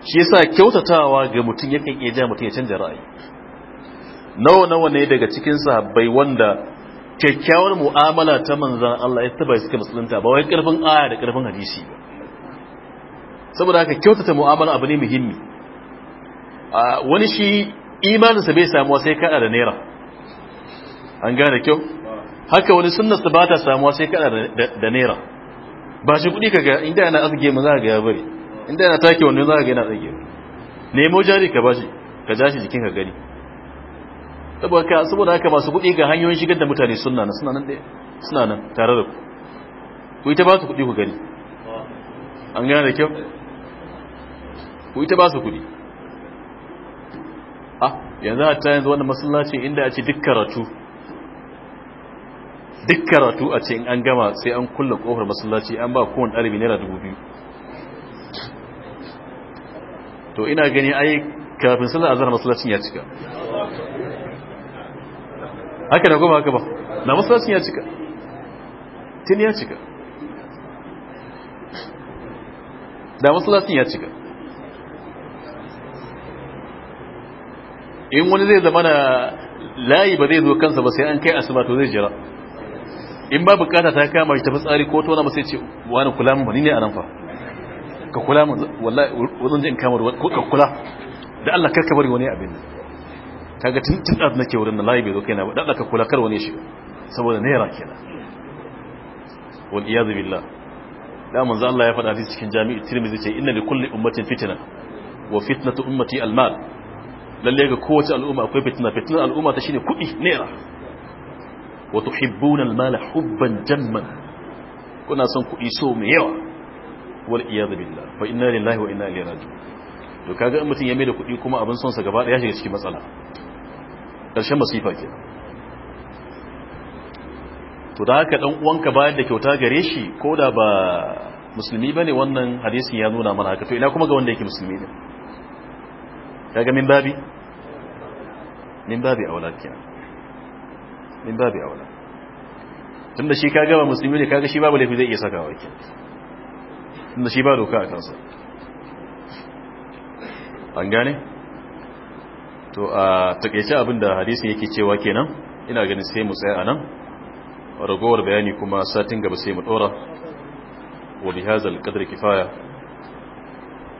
shi yasa kyautatawa ga mutum yakan iya jawa mutum ya canja ra'ayi nawa nawa ne daga cikin sahabbai wanda kyakkyawar mu'amala ta manzan Allah ya taba suka musulunta ba wai karfin aya da karfin hadisi ba saboda haka kyautata mu'amala abu ne muhimmi wani shi sa bai samuwa sai kada da naira an gane kyau haka wani sunna ba ta samuwa sai kada da naira ba shi kuɗi kaga inda yana azge mu za ka ga ya bari inda yana take wani za ka ga yana azge nemo jari ka bashi ka ja shi jikin ka gani saboda saboda haka masu kuɗi ga hanyoyin shigar da mutane suna nan suna nan ɗaya suna nan tare da ku ku ita ba su kuɗi ku gani an gane da kyau ku ita ba su kuɗi ah yanzu a ta yanzu wannan masallacin inda a ce duk karatu duk karatu a ce in an gama sai an kulle kofar masallaci an ba kowane ɗalibi naira dubu biyu to ina gani ai kafin sallar azhar masallacin ya cika haka da goma haka ba na masallacin ya cika tun ya cika da masallacin ya cika in wani zai zama na layi ba zai zo kansa ba sai an kai asuba to zai jira in ba bukata ta kama shi tafi tsari ko tona ba sai ce wani kula mun ni ne a nan fa ka kula mun wallahi wajen jin kamar ka kula da Allah karka bari wani abin kaga tun tun ɗazu nake wurin da layi bai zo kaina ba ɗaɗa ka kula kar wani shi saboda naira kenan wal iyazu billah da manzo Allah ya faɗa hadisi cikin jami'i tirmidhi ce inna li kulle ummatin fitina. wa fitnatu ummati al mal lalle ga kowace al'umma akwai fitna fitnar al'umma ta shine kuɗi naira wa tuhibbuna al mala hubban jamman kuna son kuɗi so mai yawa wal iyazu billah fa inna lillahi wa inna ilaihi raji'un to kaga in mutun ya mai da kuɗi kuma abin son sa gaba ɗaya shiga cikin matsala ƙarshen masifa ke to da haka ɗan uwanka bayar da kyauta gare shi ko da ba musulmi ba ne wannan hadisun ya nuna mana haka to ina kuma ga wanda yake musulmi ne ya ga min babi min babi aula mimbabi min babi tun da shi ka ba musulmi ne kaga shi babu laifin zai iya sakawa tun da shi ba doka a kansa an gane? to a takaice abin da hadisi yake cewa kenan ina ganin sai mu tsaya anan ragowar bayani kuma satin gaba sai mu dora wa bi hadzal qadri kifaya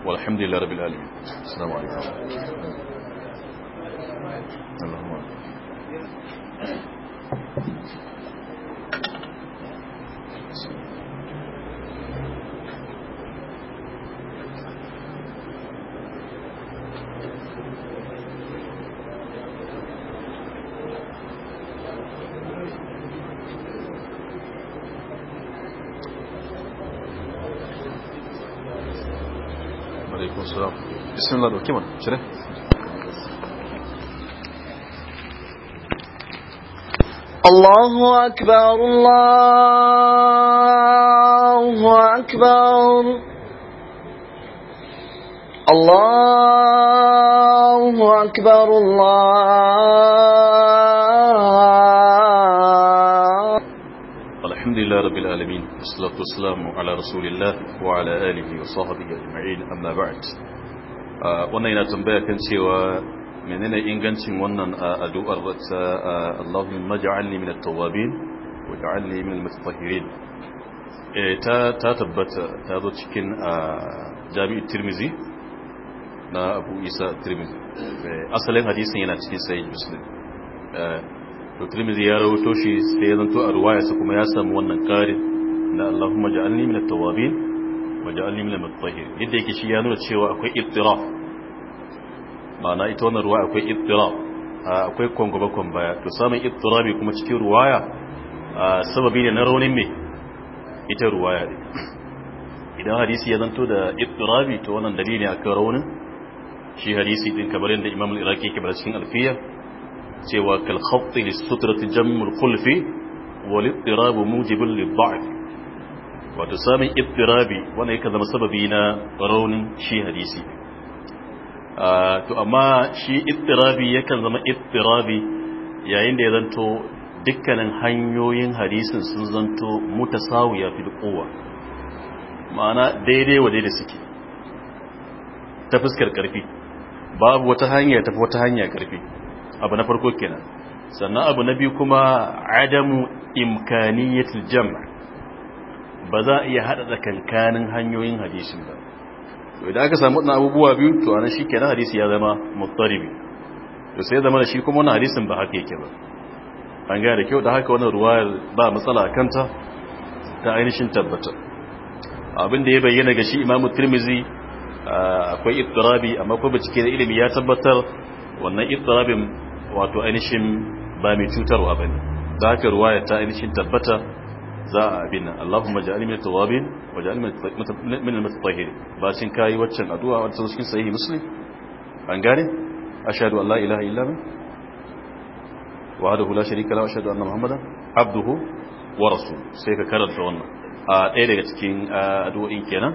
walhamdulillahi rabbil alamin assalamu alaikum Allahumma Thank you. الله الرحمن الرحيم cire الله أكبر الله أكبر الله أكبر الله الحمد لله رب العالمين والصلاة والسلام على رسول الله وعلى آله وصحبه أجمعين أما بعد Uh, wannan yana tambaya kan cewa menene ingancin wannan uh, addu'ar wata uh, Allahumma ja'alni min at-tawwabin wa ja'alni min al-mutatahhirin eh, ta ta tabbata ta zo cikin Jami'u Tirmizi na Abu Isa Tirmizi eh, asalin hadisin yana cikin Sahih Muslim eh, to Tirmizi ya rawaito shi sai ya zanto a ruwayarsa kuma ya samu wannan ƙarin na Allahumma ja'alni min at-tawwabin waja'alni minal mutahhirin yadda yake shi ya nuna cewa akwai ittiraf ma'ana ita wannan ruwa akwai ittiraf akwai kwangwaba kwambaya to samun ittirabi kuma cikin ruwaya sababi ne na raunin me ita ruwaya ne idan hadisi ya zanto da ittirabi to wannan dalili akan raunin shi hadisi din kamar yadda imam al-iraqi ke bar cikin alfiya cewa kal khatti lis sutrati jammul khulfi wal ittirabu mujibun lid da'f wato samun ibtirabi wanda yake zama sababi na raunin shi hadisi to amma shi ibtirabi yakan zama ibtirabi yayin da ya zanto dukkanin hanyoyin hadisin sun zanto mutasawiya fi quwwa ma'ana daidai wa daidai suke ta fuskar karfi babu wata hanya tafi wata hanya karfi abu na farko kenan sannan abu na biyu kuma adamu imkaniyatul jam' ba za a iya haɗa tsakankanin hanyoyin hadisin ba idan aka samu waɗannan abubuwa biyu to ana shi kenan hadisi ya zama muttaribi to sai zama da shi kuma wani hadisin ba haka yake ba an gaya da kyau da haka wannan ruwayar ba matsala a kanta ta ainihin tabbata abin da ya bayyana ga shi imamu tirmizi akwai ittirabi amma kuma cike da ilimi ya tabbatar wannan ittirabin wato ainihin ba mai cutarwa bane da haka ruwayar ta ainihin tabbata za a abin nan Allahumma ja'al min tawabin wa ja'al min al-mutatahhirin bashin kai waccan addu'a wacce cikin sahihi muslim an gane ashhadu an la ilaha illa hu wahdahu la sharika lahu ashhadu anna muhammadan abduhu wa rasuluhu sai ka karanta wannan a ɗaya daga cikin addu'o'in kenan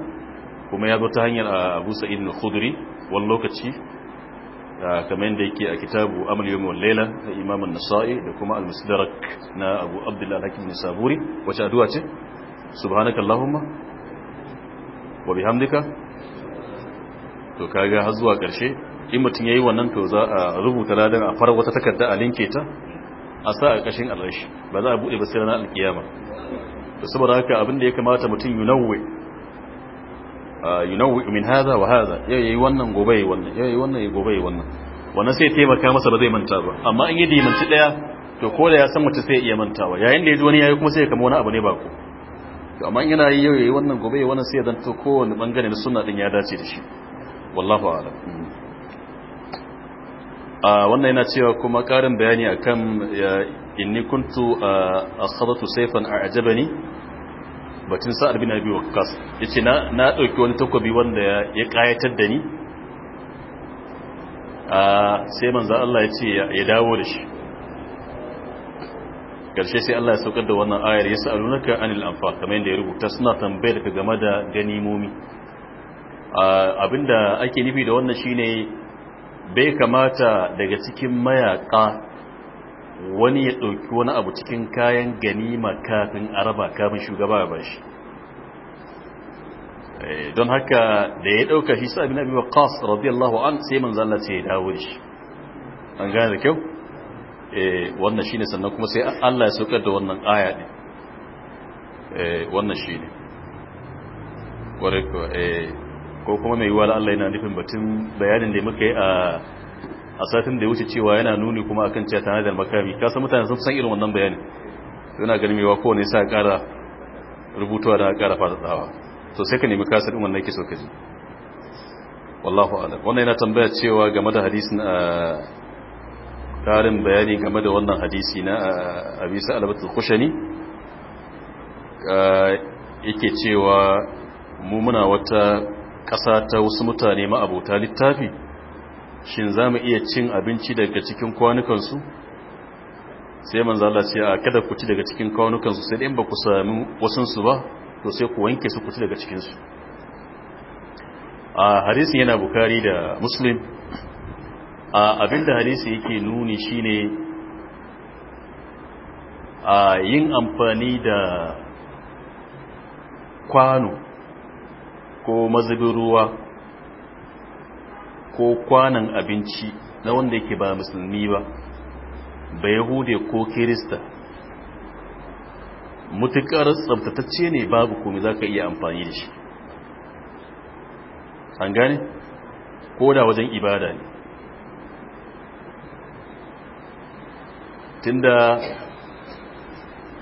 kuma ya zo ta hanyar Abu Sa'id al-Khudri wani lokaci kamar yadda yake a kitabu amal yawmi wal layla na imamun nasai da kuma al-musdarak na abu Abdullahi al-hakim nisaburi wace addu'a ce subhanaka allahumma wa bihamdika to kaga har zuwa karshe in mutum yayi wannan to za a rubuta ladan a fara wata takarda a linke ta a sa a kashin alrashi ba za a bude ba sai ranar alkiyama to saboda haka abin da ya kamata mutum yunawwe yunawwi min haza wa hadha yayi wannan gobe yayi wannan yayi wannan yayi gobe yayi wannan wannan sai taimaka masa ba zai manta ba amma in yi dimanci daya to ko da ya san mutum sai iya mantawa yayin da ya ji wani yayi kuma sai ya kama wani abu ne ba ku. to amma in yana yi yau yayi wannan gobe yayi wannan sai dan to kowanne bangare na sunna din ya dace da shi wallahu ala. a wannan yana cewa kuma karin bayani akan inni kuntu asabatu a a'jabani batun sa'ad bin abi waqqas yace na na dauki wani takobi wanda ya kayatar da ni a sai manzo Allah yace ya dawo da shi karshe sai Allah ya saukar da wannan ayar yasalunaka anil amfa kamar yadda ya rubuta suna tambayar ka game da ganimomi abinda ake nufi da wannan ne bai kamata daga cikin mayaka wani ya ɗauki wani abu cikin kayan gani kafin araba kamun shugaba ba bashi eh, don haka da ya ɗauka shi sa abin abubuwa ƙas radiyallahu an sai man zalla sai ya dawo shi an gane da kyau eh, wannan shi ne sannan kuma sai allah ya saukar da wannan aya ne eh, wannan shi ne ko kuma mai yiwuwa allah yana nufin batun bayanin da muka yi a a satin da ya wuce cewa yana nuni kuma akan cewa tana da makami ka san mutane sun san irin wannan bayani yana ganin mewa kowane sa kara rubutuwa da kara fadadawa to sai ka nemi kasar din wannan yake so ji wallahu a'lam wannan yana tambaya cewa game da hadisin a karin bayani game da wannan hadisi na Abi Sa'al al-Khushani yake cewa mu muna wata ƙasa ta wasu mutane ma abota littafi shin za mu iya cin abinci daga cikin kwanukansu sai manzala ce a kada ku ci daga cikin kwanukansu sai ɗin ba ku sami wasansu ba to sai ku wanke su ku ci daga cikinsu a yana bukari da muslim a abinda hadisi yake nuni shine a yin amfani da kwano ko mazubin ruwa ko kwanan abinci na wanda yake ba musulmi ba ba yahude ko kirista mutukar tsabtatacce ne babu komai za ka iya amfani da shi an gane ko da wajen ibada ne tunda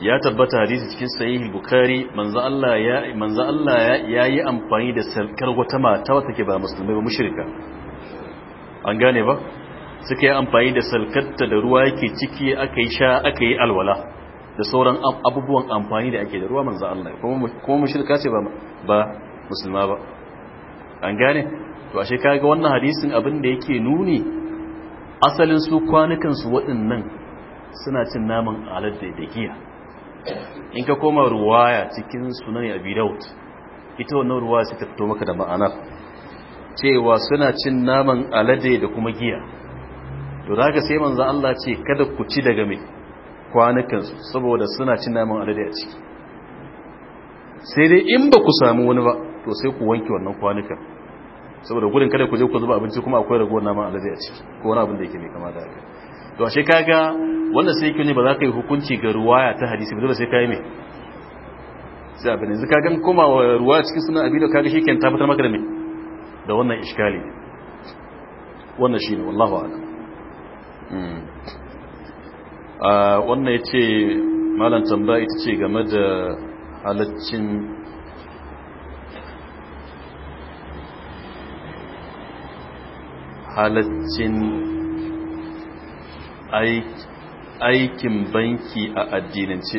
ya tabbata hadisi cikin sahihul bukhari manzo Allah ya manzo Allah ya yi amfani da sarkar wata mata wata ke ba musulmai ba mushrika an gane ba suka yi amfani da salkatta da ruwa yake ciki aka yi sha aka yi alwala da sauran abubuwan amfani da ake da ruwa manzo Allah kuma mushrika ce ba ba musulma ba an gane to ashe kaga wannan hadisin abin da yake nuni asalin su kwanukan su waɗannan suna cin naman alad da giya in ka koma ruwaya cikin sunan abi daud ita wannan ruwaya sai ta fito maka da ma'anar cewa suna cin naman alade da kuma giya to daga sai manzo Allah ce kada ku ci daga mai kwanukansu saboda suna cin naman alade a ciki sai dai in ba ku samu wani ba to sai ku wanke wannan kwanukan saboda gudun kada ku je ku zuba abinci kuma akwai ragowar naman alade a ciki ko wani abin da yake mai kama da haka to ashe kaga wannan sai kyau ne ba za ka yi hukunci ga ruwaya ta hadisi ba dole sai ka yi mai sai abin yanzu kagan kuma wa ruwaya cikin sunan abin da kaga shi kyan tabbatar maka da mai da wannan iskali wannan shi ne wallahu ala hmm. ah, wannan ya ce malam Tamba ita ce game da halaccin halaccin aikin banki a addinance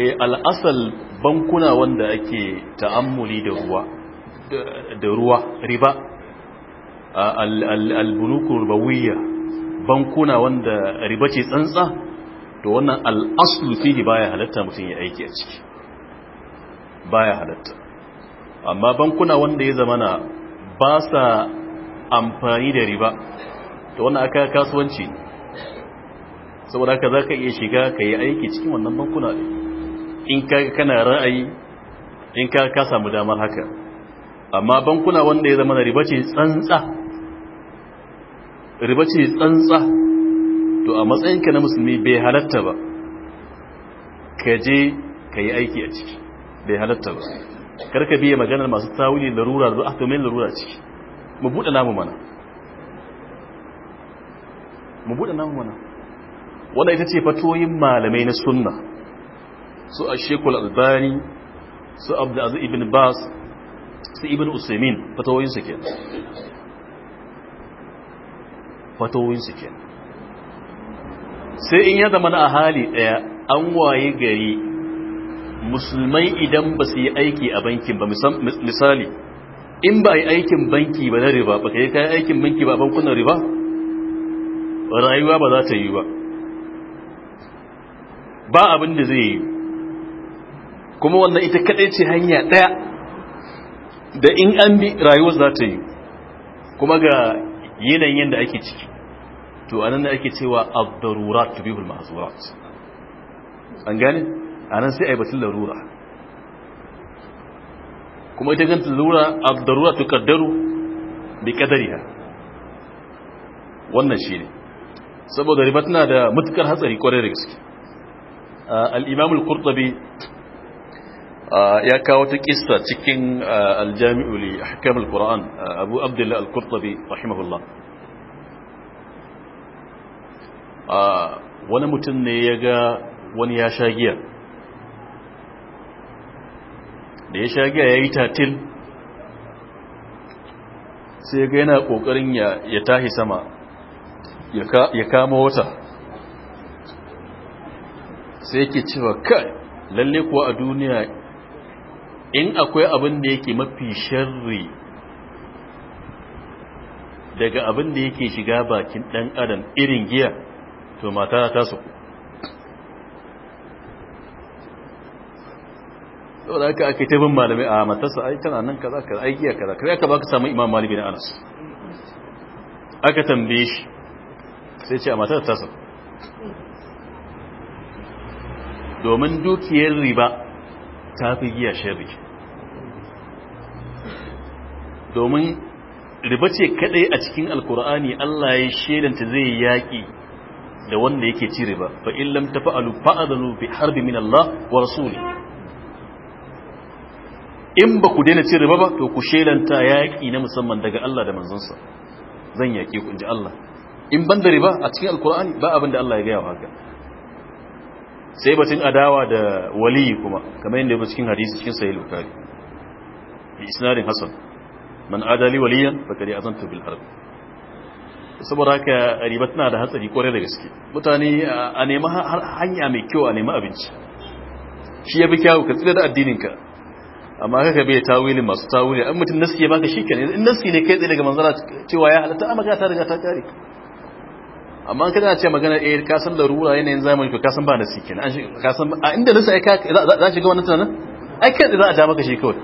eh, al'asal bankuna wanda ake ta'ammuli da ruwa da ruwa riba albulukun rubawiyya bankuna wanda riba ce tsantsa to wannan al'aslu fihi baya halatta mutum ya aiki a ciki baya halatta amma bankuna wanda ya zamana ba sa amfani da riba to wannan aka kasuwanci saboda haka za ka iya shiga ka yi aiki cikin wannan bankuna in ka kana ra'ayi in ka samu damar haka amma bankuna wanda ya zama na riba ce tsantsa riba ce tsantsa to a matsayinka na musulmi bai halatta ba ka je ka yi aiki a ciki bai halatta ba karka biya maganar masu tawuli larura da ahtomin larura ah, ciki mu buɗe namu mana mu buɗe namu mana wanda ita ce fatoyin malamai na sunna su a shekul albani su azu ibn bas su ibn usaimin su ke su ke sai in ya zama na a hali ɗaya an waye gari musulmai idan ba su yi aiki a bankin ba misali in ba yi aikin banki ba na riba ba ka yi kayan aikin banki ba a bankunan riba rayuwa ba za ta yi ba ba abin da zai yi kuma wannan ita kadai ce hanya daya da in an bi rayuwar za ta yi kuma ga yanayin da ake ciki to anan da ake cewa abdarurat to bihul mahzurat an gane anan sai ai batul larura kuma ita kanta larura abdarura to kaddaru bi kadariha wannan shine saboda riba tana da mutukar hatsari kwarai da gaske al-imam al-qurtubi ya kawo ta kissa cikin aljami'u li ahkam alquran abu abdullah al-qurtubi rahimahullah wani mutum ne ya ga wani ya sha giya da ya sha giya ya yi tatil sai ga yana kokarin ya tahi sama ya kama wata sai ke cewa kai lalle kuwa a duniya in akwai abin da yake mafi sharri daga abin da yake shiga bakin ɗan adam irin giya to mata ta su sau da aka ake taibin malami a matarsa ai tana nan kaza kaza ai giya kaza kaza aka baka samu imam malibi na anas aka tambaye shi sai ce a matar ta su domin dukiyar riba ta fi giya sharri domin riba ce kadai a cikin alkur'ani Allah ya shedanta zai yaki da wanda yake ci riba fa in lam tafa'alu fa'adhanu bi harbi min Allah wa rasuli in ba ku daina ci riba ba to ku shedanta yaki na musamman daga Allah da manzonsa zan yake ku inji Allah in ban da riba a cikin alkur'ani ba abin da Allah ya gaya wa haka sai batun adawa da Wali kuma kamar yadda ya cikin hadisi cikin sahih bukhari bi isnadin hasan man adali waliyan fakari azantu bil harb saboda haka riba tana da hatsari kore da gaske mutane a nema hanya mai kyau a nema abinci shi ya fi kyawu ka tsira da addininka amma kaka bai tawili masu tawili an mutum naski ya baka ne in naski ne kai tsaye daga manzara cewa ya halatta amma ah, ka ta riga ta kare amma a ce magana eh ka san larura yanayin zamani ka san ba nasi kenan ka san a inda nasi ai ka za shiga wannan tunanin ai kai za a ja maka shi kawai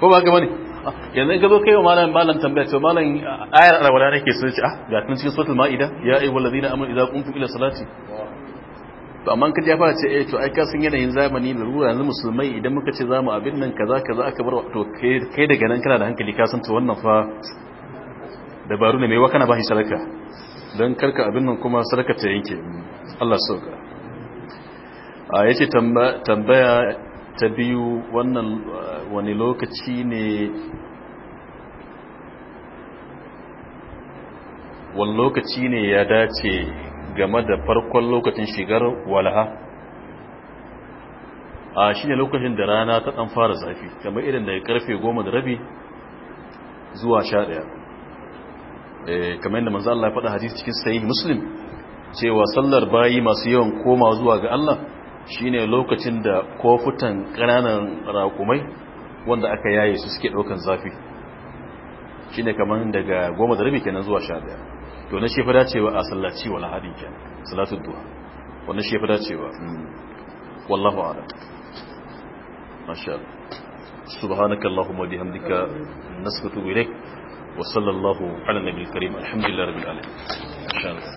ko ba ga bane (laughs) yanzu in ka zo kai wa malam malam tambaya to malam ayar alwala nake so ce ah ga tun cikin suratul maida ya ayyuhal ladina amanu idza qumtum ila salati to amma kan ya fara ce eh to ai ka san yanayin zamani da ruwa yanzu musulmai idan muka ce zamu abin nan kaza kaza aka bar to kai daga nan kana da hankali ka san to wannan fa dabaru ne mai waka na ba shi sadaka dan karka abin nan kuma sadaka ta yanke Allah sauka a yace tambaya ta biyu wannan uh, wani lokaci ne wani lokaci ne ya dace game da farkon lokacin shigar walaha a shi ne lokacin da rana ta ɗan fara zafi kamar irin daga karfe goma da rabi zuwa sha ɗaya eh, kamar yadda manzo Allah ya faɗa hadisi cikin sayi muslim cewa sallar bayi masu yawan koma zuwa ga Allah shine lokacin da kofutan ƙananan raƙumai wanda aka yaye su suke ɗaukan zafi shine kamar daga goma da rabi kenan zuwa sha daya to na shefa dacewa a sallaci wa lahadi ke salatun duha wanda shefa dacewa hmm, wallahu a'lam masha Allah subhanaka allahumma bihamdika naskatu ilayk wa sallallahu ala nabiyil karim alhamdulillahi rabbil alamin